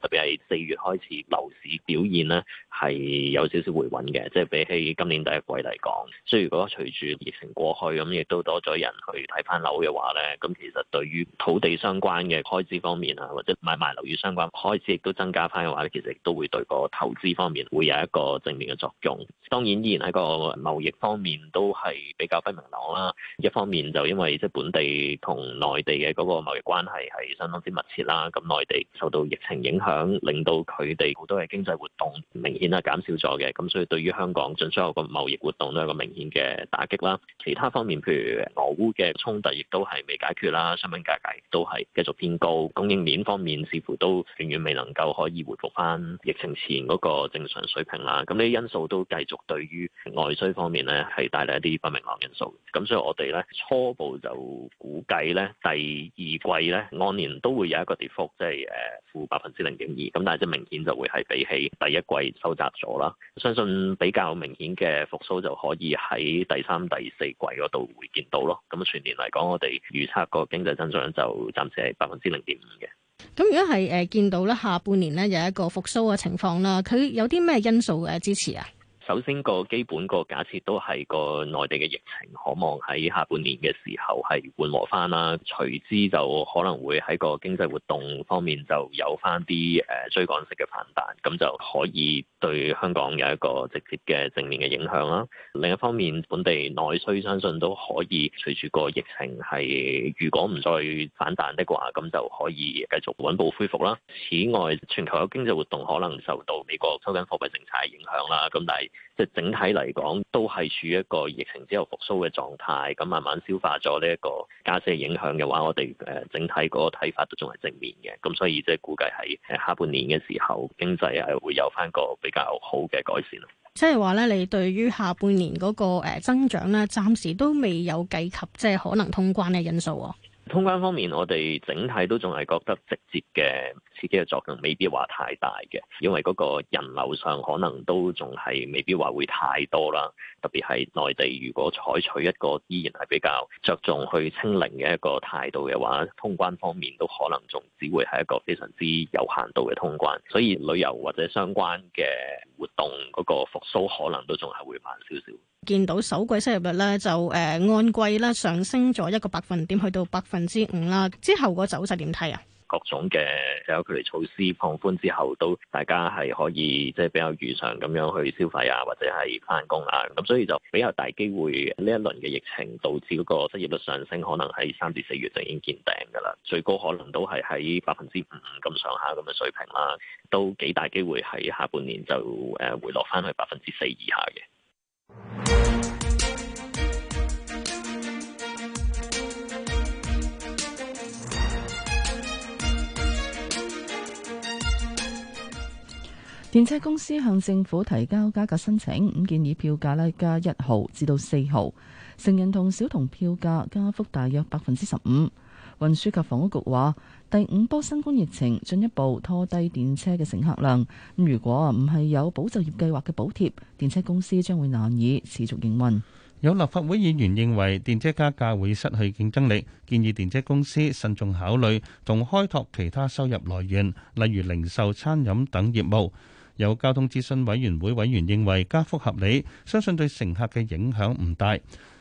特別係四月開始樓市表現呢係有少少回穩嘅，即係比起今年第一季嚟講。所以如果隨住疫情過去，咁亦都多咗人去睇翻樓嘅話呢，咁其實對於土地相關嘅開支方面啊，或者買賣樓宇相關開支亦都增加翻嘅話咧，其實都會對個投資方面會有一個正面嘅作用。當然依然喺個貿易方面都係比較不明朗啦。一方面就因為即係本地同內地嘅嗰個貿易關係係相當之密切啦，咁內地受到疫情影響，令到佢哋好多嘅經濟活動明顯啦減少咗嘅，咁所以對於香港進出口個貿易活動都有個明顯嘅打擊啦。其他方面，譬如俄烏嘅衝突亦都係未解決啦，商品價格亦都係繼續偏高。供應鏈方面，似乎都遠遠未能夠可以恢復翻疫情前嗰個正常水平啦。咁呢啲因素都繼續對於外需方面咧係帶嚟一啲不明朗因素。咁所以我哋咧初步就估計咧第二季咧按年都會。會有一個跌幅，即係誒負百分之零點二，咁但係即明顯就會係比起第一季收窄咗啦。相信比較明顯嘅復蘇就可以喺第三、第四季嗰度會見到咯。咁全年嚟講，我哋預測個經濟增長就暫時係百分之零點五嘅。咁如果係誒見到咧下半年咧有一個復蘇嘅情況啦，佢有啲咩因素誒支持啊？首先個基本個假設都係個內地嘅疫情可望喺下半年嘅時候係緩和翻啦，隨之就可能會喺個經濟活動方面就有翻啲誒追趕式嘅反彈，咁就可以對香港有一個直接嘅正面嘅影響啦。另一方面，本地內需相信都可以隨住個疫情係，如果唔再反彈的話，咁就可以繼續穩步恢復啦。此外，全球嘅經濟活動可能受到美國收緊貨幣政策嘅影響啦，咁但係。即係整體嚟講，都係處於一個疫情之後復甦嘅狀態，咁慢慢消化咗呢一個加息嘅影響嘅話，我哋誒整體個睇法都仲係正面嘅，咁所以即係估計喺下半年嘅時候，經濟係會有翻個比較好嘅改善咯。即係話咧，你對於下半年嗰個誒增長咧，暫時都未有計及即係可能通關嘅因素。通關方面，我哋整體都仲係覺得直接嘅刺激嘅作用未必話太大嘅，因為嗰個人流上可能都仲係未必話會太多啦。特別係內地，如果採取一個依然係比較着重去清零嘅一個態度嘅話，通關方面都可能仲只會係一個非常之有限度嘅通關，所以旅遊或者相關嘅活動嗰個復甦可能都仲係會慢少少。見到首季收入率咧就誒、呃、按季咧上升咗一個百分點，去到百分之五啦。之後個走勢點睇啊？各種嘅隔離措施放寬之後，都大家係可以即係、就是、比較如常咁樣去消費啊，或者係返工啊。咁所以就比較大機會，呢一輪嘅疫情導致嗰個失業率上升，可能喺三至四月就已經見頂㗎啦。最高可能都係喺百分之五咁上下咁嘅水平啦，都幾大機會喺下半年就誒回落返去百分之四以下嘅。電車公司向政府提交加價申請，咁建議票價呢加一毫至到四毫，成人同小童票價加幅大約百分之十五。運輸及房屋局話，第五波新冠疫情進一步拖低電車嘅乘客量，咁如果唔係有保就業計劃嘅補貼，電車公司將會難以持續營運。有立法會議員認為，電車加價會失去競爭力，建議電車公司慎重考慮同開拓其他收入來源，例如零售、餐飲等業務。有交通諮詢委員會委員認為加幅合理，相信對乘客嘅影響唔大。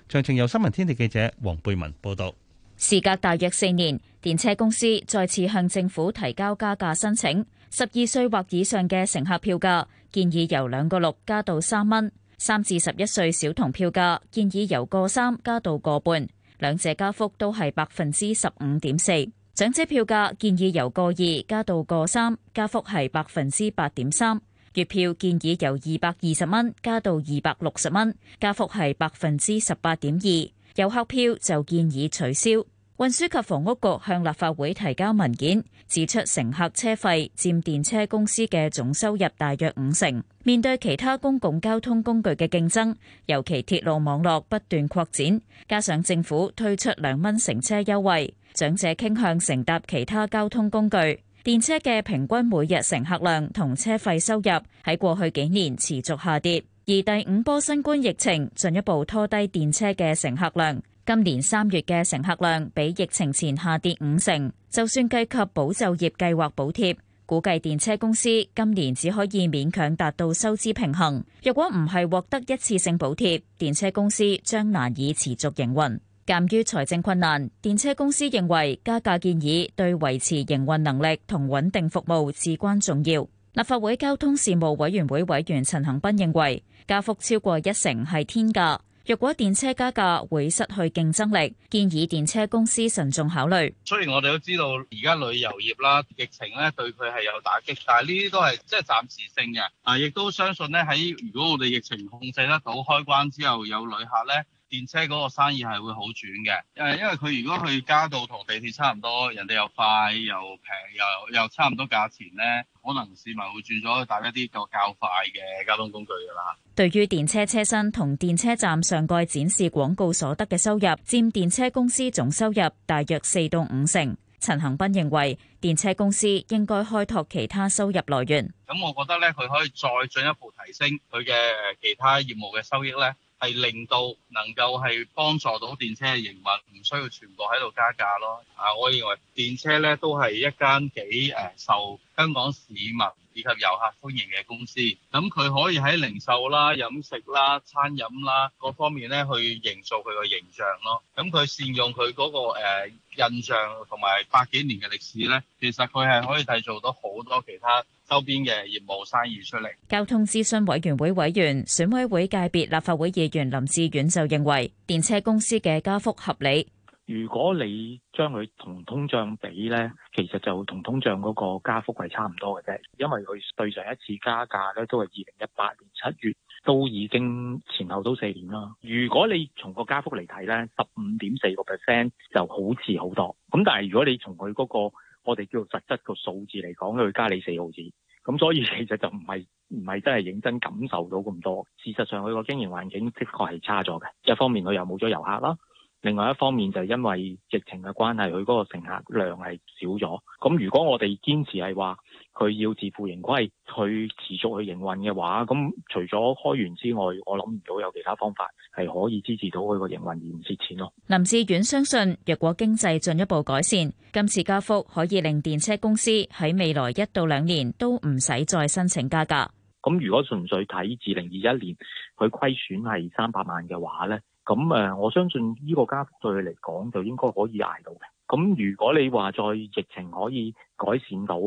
詳情由新聞天地記者黃貝文報道。事隔大約四年，電車公司再次向政府提交加價申請。十二歲或以上嘅乘客票價建議由兩個六加到三蚊，三至十一歲小童票價建議由個三加到個半，兩者加幅都係百分之十五點四。長者票價建議由個二加到個三，加幅係百分之八點三。月票建議由二百二十蚊加到二百六十蚊，加幅係百分之十八點二。遊客票就建議取消。運輸及房屋局向立法會提交文件，指出乘客車費佔電車公司嘅總收入大約五成。面對其他公共交通工具嘅競爭，尤其鐵路網絡不斷擴展，加上政府推出兩蚊乘車優惠。長者傾向乘搭其他交通工具，電車嘅平均每日乘客量同車費收入喺過去幾年持續下跌，而第五波新冠疫情進一步拖低電車嘅乘客量。今年三月嘅乘客量比疫情前下跌五成，就算計及保就業計劃補貼，估計電車公司今年只可以勉強達到收支平衡。若果唔係獲得一次性補貼，電車公司將難以持續營運。鑒於財政困難，電車公司認為加價建議對維持營運能力同穩定服務至關重要。立法會交通事務委員會委員陳恒鑌認為，加幅超過一成係天價，若果電車加價會失去競爭力，建議電車公司慎重考慮。雖然我哋都知道而家旅遊業啦，疫情咧對佢係有打擊，但係呢啲都係即係暫時性嘅。啊，亦都相信咧喺如果我哋疫情控制得到開關之後，有旅客咧。電車嗰個生意係會好轉嘅，因為因為佢如果去加到同地鐵差唔多，人哋又快又平又又差唔多價錢咧，可能市民會轉咗去搭一啲較較快嘅交通工具噶啦。對於電車車身同電車站上蓋展示廣告所得嘅收入，佔電車公司總收入大約四到五成。陳恒斌認為，電車公司應該開拓其他收入來源。咁我覺得咧，佢可以再進一步提升佢嘅其他業務嘅收益咧。係令到能夠係幫助到電車嘅營運，唔需要全部喺度加價咯。啊，我認為電車呢都係一間幾誒受香港市民以及遊客歡迎嘅公司。咁、嗯、佢可以喺零售啦、飲食啦、餐飲啦各方面呢去營造佢個形象咯。咁、嗯、佢善用佢嗰、嗰個、呃、印象同埋百幾年嘅歷史呢，其實佢係可以製造到好多其他周邊嘅業務生意出嚟。交通諮詢委員會委員、選委會界別立法會議員林志遠就認為，電車公司嘅加幅合理。如果你將佢同通脹比呢，其實就同通脹嗰個加幅係差唔多嘅啫，因為佢對上一次加價呢都係二零一八年七月，都已經前後都四年啦。如果你從個加幅嚟睇呢，十五點四個 percent 就好似好多。咁但係如果你從佢嗰個我哋叫做實質個數字嚟講，佢加你四毫紙，咁所以其實就唔係唔係真係認真感受到咁多。事實上佢個經營環境的確係差咗嘅，一方面佢又冇咗遊客啦。另外一方面就因為疫情嘅關係，佢嗰個乘客量係少咗。咁如果我哋堅持係話佢要自負盈虧，去持續去營運嘅話，咁除咗開源之外，我諗唔到有其他方法係可以支持到佢個營運而唔蝕錢咯。林志遠相信，若果經濟進一步改善，今次加幅可以令電車公司喺未來一到兩年都唔使再申請加價。咁如果純粹睇二零二一年佢虧損係三百萬嘅話咧？咁誒，我相信呢個家對佢嚟講就應該可以捱到嘅。咁如果你話再疫情可以改善到，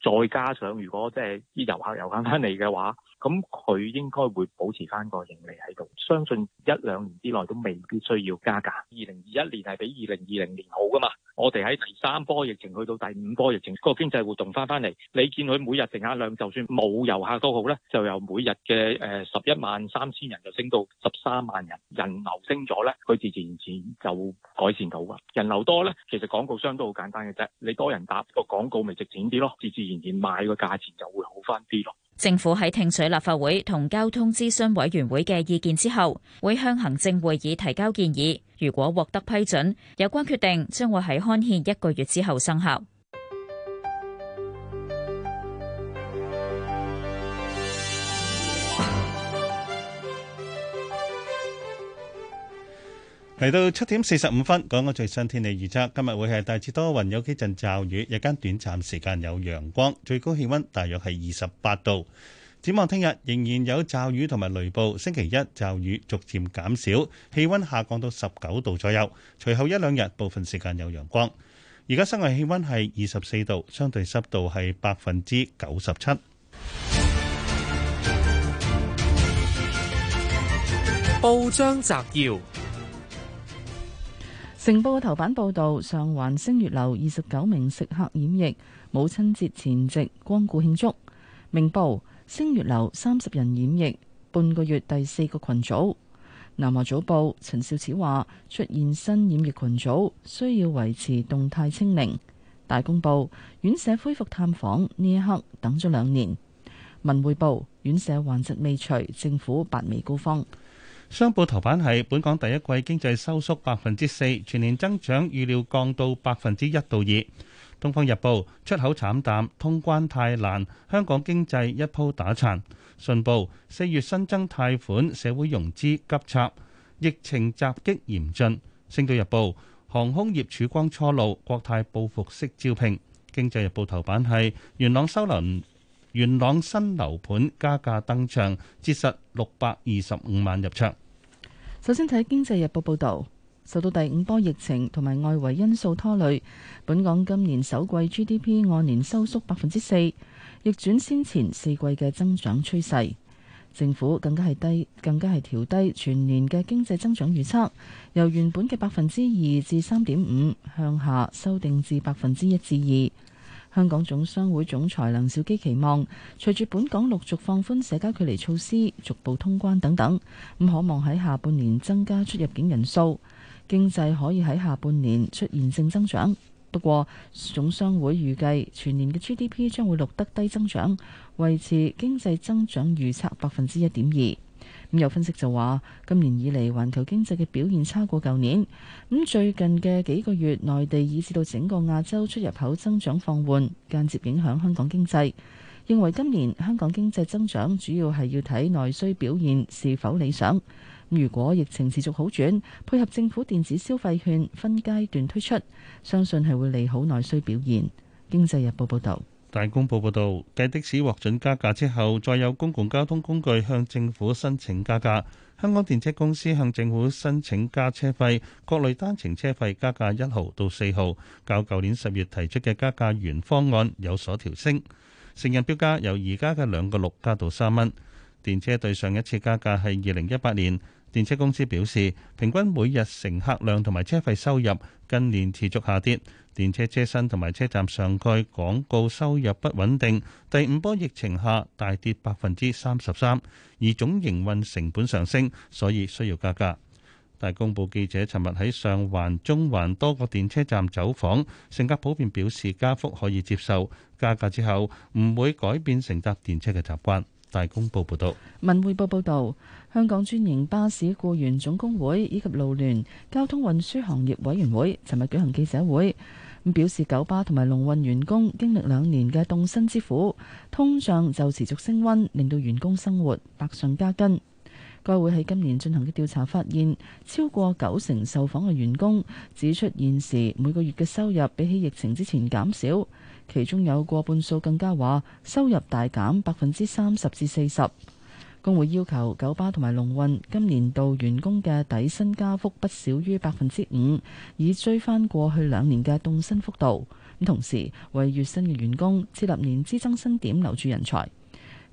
再加上如果即係啲遊客遊返翻嚟嘅話，咁佢應該會保持翻個盈利喺度。相信一兩年之內都未必需要加價。二零二一年係比二零二零年好㗎嘛。我哋喺第三波疫情去到第五波疫情，個經濟活動翻翻嚟，你見佢每日乘客量就算冇遊客都好咧，就由每日嘅，誒十一萬三千人就升到十三萬人，人流升咗咧，佢自自然然就改善到啦。人流多咧，其實廣告商都好簡單嘅啫，你多人打個廣告咪值錢啲咯，自自然然賣個價錢就會好翻啲咯。政府喺聽取立法會同交通諮詢委員會嘅意見之後，會向行政會議提交建議，如果獲得批准，有關決定將會喺刊憲一個月之後生效。嚟到七點四十五分，講個最新天氣預測。今日會係大致多雲，有幾陣驟雨，日間短暫時間有陽光，最高氣溫大約係二十八度。展望聽日仍然有驟雨同埋雷暴，星期一驟雨逐漸減少，氣溫下降到十九度左右。隨後一兩日部分時間有陽光。而家室外氣溫係二十四度，相對濕度係百分之九十七。報章摘要。《成報》頭版報導，上環星月樓二十九名食客染疫，母親節前夕光顧慶祝。《明報》，星月樓三十人染疫，半個月第四個群組。《南華早報》，陳肇始話，出現新染疫群組，需要維持動態清零。《大公報》，院舍恢復探訪，呢一刻等咗兩年。《文匯報》，院舍患直未除，政府八米高峰。商報頭版係本港第一季經濟收縮百分之四，全年增長預料降到百分之一到二。東方日報出口慘淡，通關太難，香港經濟一鋪打殘。信報四月新增貸款，社會融資急插，疫情襲擊嚴峻。星島日報航空業曙光初露，國泰報復式招聘。經濟日報頭版係元朗修輪。元朗新樓盤加價登場，折實六百二十五萬入場。首先睇《經濟日報》報導，受到第五波疫情同埋外圍因素拖累，本港今年首季 GDP 按年收縮百分之四，逆轉先前四季嘅增長趨勢。政府更加係低，更加係調低全年嘅經濟增長預測，由原本嘅百分之二至三點五向下修訂至百分之一至二。香港總商會總裁梁兆基期望，隨住本港陸續放寬社交距離措施，逐步通關等等，咁可望喺下半年增加出入境人數，經濟可以喺下半年出現正增長。不過，總商會預計全年嘅 GDP 將會錄得低增長，維持經濟增長預測百分之一點二。咁有分析就話，今年以嚟環球經濟嘅表現差過舊年。咁最近嘅幾個月，內地以至到整個亞洲出入口增長放緩，間接影響香港經濟。認為今年香港經濟增長主要係要睇內需表現是否理想。如果疫情持續好轉，配合政府電子消費券分階段推出，相信係會利好內需表現。經濟日報報導。大公報報導，繼的士獲准加價之後，再有公共交通工具向政府申請加價。香港電車公司向政府申請加車費，各類單程車費加價一毫到四毫，較舊年十月提出嘅加價原方案有所調升。成人標價由而家嘅兩個六加到三蚊。電車對上一次加價係二零一八年。電車公司表示，平均每日乘客量同埋車費收入近年持續下跌。電車車身同埋車站上蓋廣告收入不穩定，第五波疫情下大跌百分之三十三，而總營運成本上升，所以需要加價。大公報記者尋日喺上環、中環多個電車站走訪，乘客普遍表示加幅可以接受，加價之後唔會改變乘搭電車嘅習慣。大公報報道。文匯報報道，香港專營巴士雇員總工會以及路聯交通運輸行業委員會尋日舉行記者會。咁表示，九巴同埋龍運員工經歷兩年嘅凍薪之苦，通脹就持續升溫，令到員工生活百上加斤。該會喺今年進行嘅調查發現，超過九成受訪嘅員工指出現時每個月嘅收入比起疫情之前減少，其中有過半數更加話收入大減百分之三十至四十。工會要求九巴同埋龍運今年度員工嘅底薪加幅不少於百分之五，以追翻過去兩年嘅凍薪幅度。咁同時為月薪嘅員工設立年資增薪點，留住人才。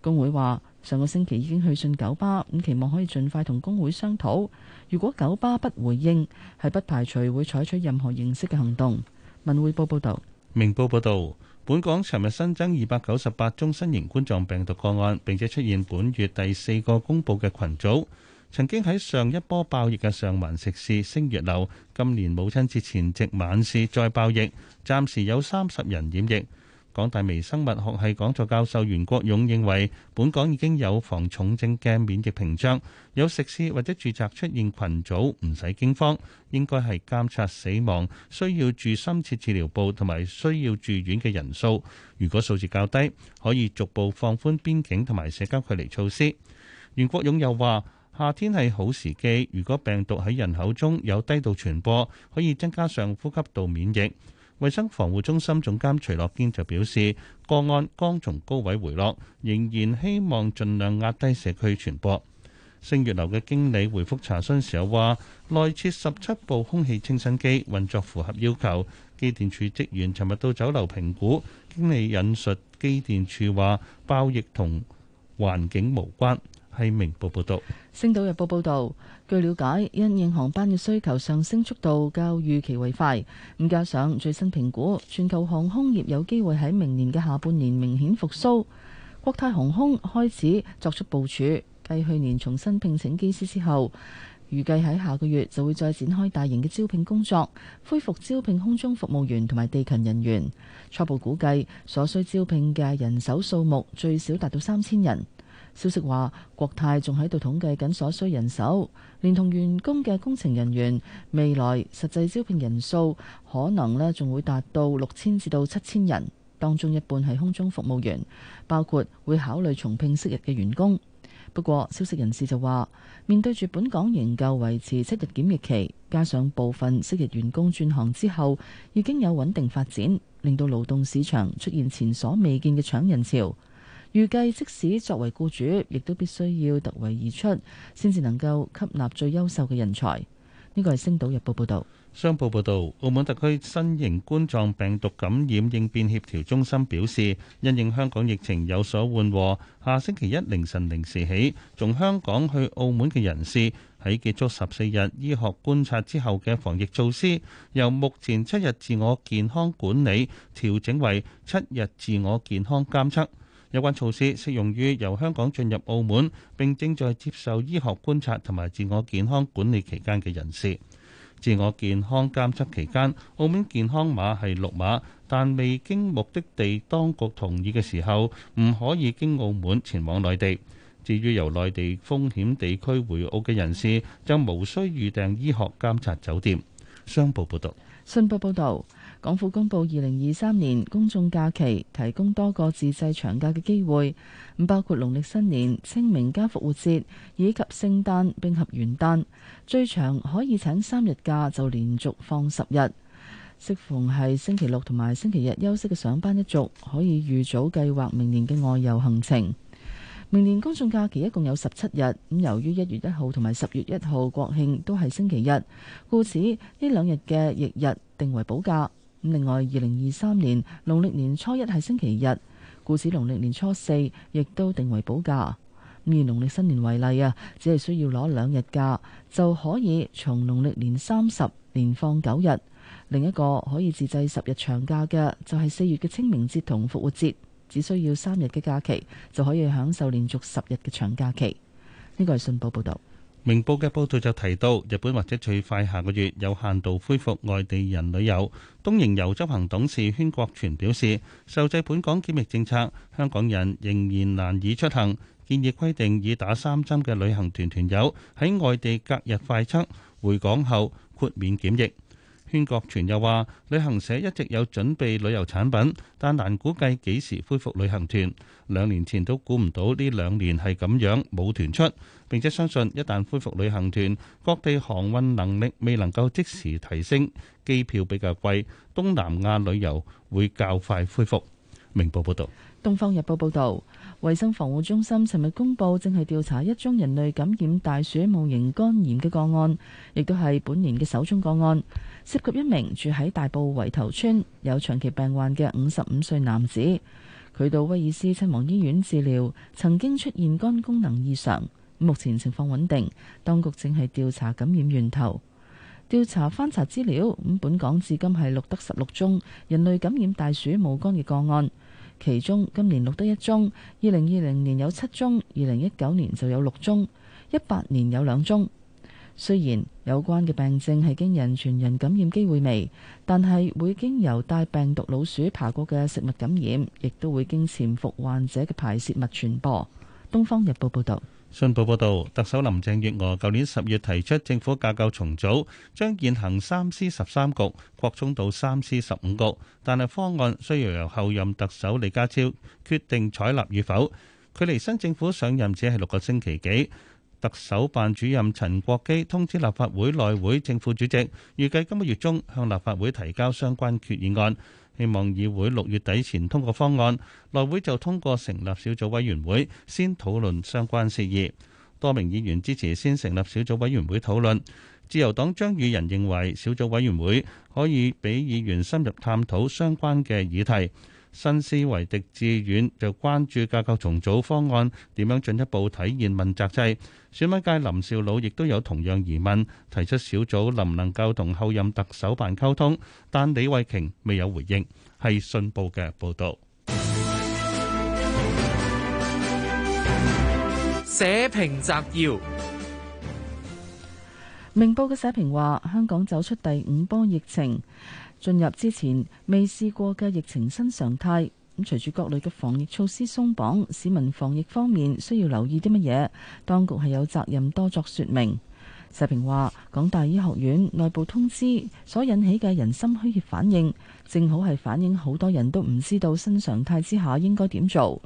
工會話上個星期已經去信九巴，咁期望可以盡快同工會商討。如果九巴不回應，係不排除會採取任何形式嘅行動。文匯報報道，明報報道。本港尋日新增二百九十八宗新型冠狀病毒個案，並且出現本月第四個公佈嘅群組。曾經喺上一波爆疫嘅上環食肆星月樓，今年母親節前夕晚市再爆疫，暫時有三十人染疫。港大微生物學系講座教授袁國勇認為本港已經有防重症嘅免疫屏障，有食肆或者住宅出現群組唔使驚慌，應該係監察死亡、需要住深切治療部同埋需要住院嘅人數，如果數字較低，可以逐步放寬邊境同埋社交距離措施。袁國勇又話夏天係好時機，如果病毒喺人口中有低度傳播，可以增加上呼吸道免疫。衛生防護中心總監徐樂堅就表示，個案剛從高位回落，仍然希望盡量壓低社區傳播。星月樓嘅經理回覆查詢時候話，內設十七部空氣清新機運作符合要求。機電處職員尋日到酒樓評估，經理引述機電處話，爆疫同環境無關。係明報報道，《星島日報》報道。據了解，因應航班嘅需求上升速度較預期為快，咁加上最新評估，全球航空業有機會喺明年嘅下半年明顯復甦。國泰航空開始作出部署，繼去年重新聘請機師之後，預計喺下個月就會再展開大型嘅招聘工作，恢復招聘空中服務員同埋地勤人員。初步估計所需招聘嘅人手數目最少達到三千人。消息話，國泰仲喺度統計緊所需人手。連同員工嘅工程人員，未來實際招聘人數可能呢，仲會達到六千至到七千人，當中一半係空中服務員，包括會考慮重聘昔日嘅員工。不過消息人士就話，面對住本港仍舊維持七日檢疫期，加上部分昔日員工轉行之後，已經有穩定發展，令到勞動市場出現前所未見嘅搶人潮。預計即使作為僱主，亦都必須要突圍而出，先至能夠吸納最優秀嘅人才。呢個係《星島日報》報導。商報報導，澳門特區新型冠狀病毒感染應變協調中心表示，因應香港疫情有所緩和，下星期一凌晨零時起，從香港去澳門嘅人士喺結束十四日醫學觀察之後嘅防疫措施，由目前七日自我健康管理調整為七日自我健康監測。有關措施適用於由香港進入澳門並正在接受醫學觀察同埋自我健康管理期間嘅人士。自我健康監測期間，澳門健康碼係綠碼，但未經目的地當局同意嘅時候，唔可以經澳門前往內地。至於由內地風險地區回澳嘅人士，就無需預訂醫學監察酒店。商報報導，信報報導。港府公布二零二三年公眾假期，提供多個自制長假嘅機會，包括農曆新年、清明家、加復活節以及聖誕、併合元旦，最長可以請三日假就連續放十日。適逢係星期六同埋星期日休息嘅上班一族，可以預早計劃明年嘅外遊行程。明年公眾假期一共有十七日，咁由於一月一號同埋十月一號國慶都係星期日，故此呢兩日嘅翌日定為補假。另外，二零二三年農曆年初一係星期日，故此農曆年初四亦都定為補假。咁而農曆新年為例啊，只係需要攞兩日假就可以從農曆年三十年放九日。另一個可以自製十日長假嘅就係四月嘅清明節同復活節，只需要三日嘅假期就可以享受連續十日嘅長假期。呢個係信報報道。明報嘅報道就提到，日本或者最快下個月有限度恢復外地人旅遊。東瀛遊執行董事禤國全表示，受制本港檢疫政策，香港人仍然難以出行，建議規定已打三針嘅旅行團團友喺外地隔日快測，回港後豁免檢疫。禤國全又話，旅行社一直有準備旅遊產品，但難估計幾時恢復旅行團。兩年前都估唔到呢兩年係咁樣冇團出，並且相信一旦恢復旅行團，各地航運能力未能夠即時提升，機票比較貴，東南亞旅遊會較快恢復。明報報導。東方日報報導，衛生防護中心尋日公布，正係調查一宗人類感染大鼠戊型肝炎嘅個案，亦都係本年嘅首宗個案，涉及一名住喺大埔圍頭村有長期病患嘅五十五歲男子。佢到威爾斯親王醫院治療，曾經出現肝功能異常，目前情況穩定。當局正係調查感染源頭調查翻查資料。咁本港至今係錄得十六宗人類感染大鼠冇肝嘅個案，其中今年錄得一宗，二零二零年有七宗，二零一九年就有六宗，一八年有兩宗。雖然有關嘅病症係經人傳人感染機會微，但係會經由帶病毒老鼠爬過嘅食物感染，亦都會經潛伏患者嘅排泄物傳播。《東方日報》報道。信報報道，特首林鄭月娥舊年十月提出政府架構重組，將現行三司十三局擴充到三司十五局，但係方案需要由候任特首李家超決定採納與否。距離新政府上任只係六個星期幾。特首辦主任陳國基通知立法會內會政府主席，預計今個月中向立法會提交相關決議案，希望議會六月底前通過方案。內會就通過成立小組委員會，先討論相關事宜。多名議員支持先成立小組委員會討論。自由黨張宇人認為，小組委員會可以俾議員深入探討相關嘅議題。新思維狄志遠就關注架構重組方案點樣進一步體現問責制，選委界林少魯亦都有同樣疑問，提出小組能唔能夠同後任特首辦溝通，但李慧瓊未有回應。係信報嘅報道。社評摘要，明報嘅社評話，香港走出第五波疫情。進入之前未試過嘅疫情新常態，咁隨住各類嘅防疫措施鬆綁，市民防疫方面需要留意啲乜嘢？當局係有責任多作説明。社評話：港大醫學院內部通知所引起嘅人心虛怯反應，正好係反映好多人都唔知道新常態之下應該點做。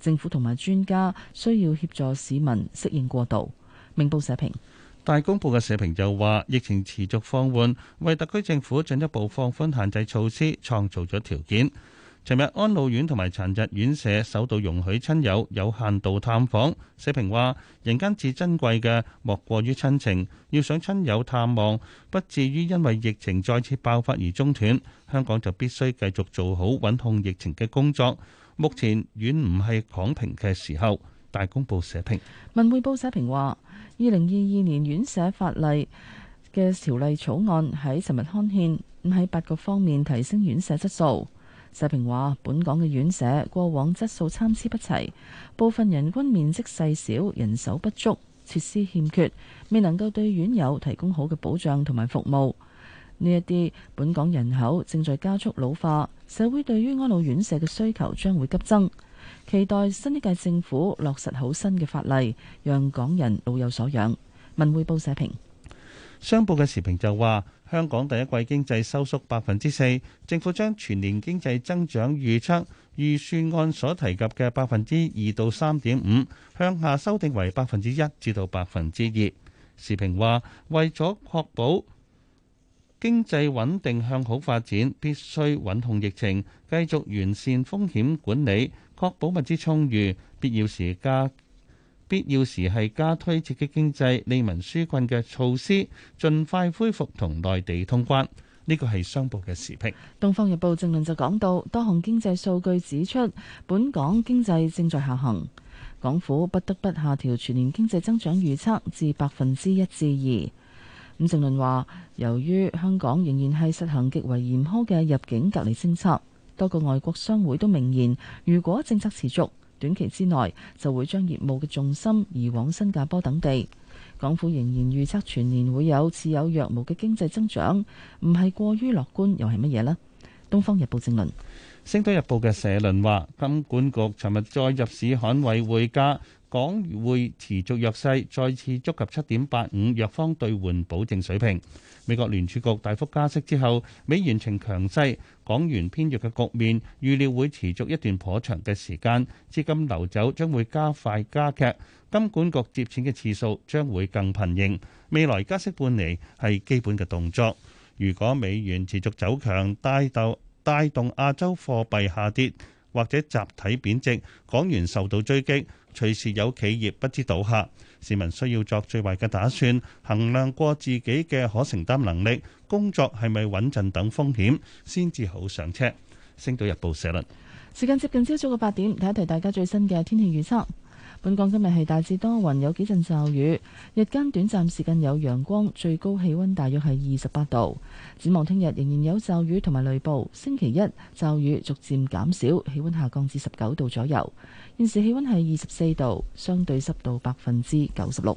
政府同埋專家需要協助市民適應過渡。明報社評。大公報嘅社評就話：疫情持續放緩，為特區政府進一步放寬限制措施創造咗條件。尋日安老院同埋殘疾院舍首度容許親友有限度探訪。社評話：人間至珍貴嘅莫過於親情，要想親友探望，不至於因為疫情再次爆發而中斷，香港就必須繼續做好穩控疫情嘅工作。目前遠唔係講平嘅時候。大公報社評。文匯報社評話，二零二二年院舍法例嘅條例草案喺尋日刊憲，喺八個方面提升院舍質素。社評話，本港嘅院舍過往質素參差不齊，部分人均面積細小、人手不足、設施欠缺，未能夠對院友提供好嘅保障同埋服務。呢一啲，本港人口正在加速老化，社會對於安老院舍嘅需求將會急增。期待新一屆政府落實好新嘅法例，讓港人老有所養。文匯報社評商報嘅時評就話，香港第一季經濟收縮百分之四，政府將全年經濟增長預測預算案所提及嘅百分之二到三點五向下修訂為百分之一至到百分之二。時評話，為咗確保經濟穩定向好發展，必須穩控疫情，繼續完善風險管理，確保物資充裕，必要時加必要時係加推刺激經濟、利民紓困嘅措施，盡快恢復同內地通關。呢個係商報嘅時評。《東方日報》正論就講到，多項經濟數據指出，本港經濟正在下行，港府不得不下調全年經濟增長預測至百分之一至二。咁正論話，由於香港仍然係實行極為嚴苛嘅入境隔離政策。多個外國商會都明言，如果政策持續，短期之內就會將業務嘅重心移往新加坡等地。港府仍然預測全年會有似有若無嘅經濟增長，唔係過於樂觀，又係乜嘢呢？《東方日報》正論，《星島日報》嘅社論話，金管局尋日再入市，捍衛匯價。港匯持續弱勢，再次觸及七點八五弱方兌換保證水平。美國聯儲局大幅加息之後，美元呈強勢，港元偏弱嘅局面預料會持續一段頗長嘅時間。資金流走將會加快加劇，金管局接錢嘅次數將會更頻盈。未來加息半厘係基本嘅動作。如果美元持續走強，帶到帶動亞洲貨幣下跌。或者集體貶值，港元受到追擊，隨時有企業不知倒下，市民需要作最壞嘅打算，衡量過自己嘅可承擔能力，工作係咪穩陣等風險，先至好上車。星島日報社論。時間接近朝早嘅八點，睇一睇大家最新嘅天氣預測。本港今日係大致多雲，有幾陣驟雨，日間短暫時間有陽光，最高氣溫大約係二十八度。展望聽日仍然有驟雨同埋雷暴，星期一驟雨逐漸減少，氣溫下降至十九度左右。現時氣溫係二十四度，相對濕度百分之九十六。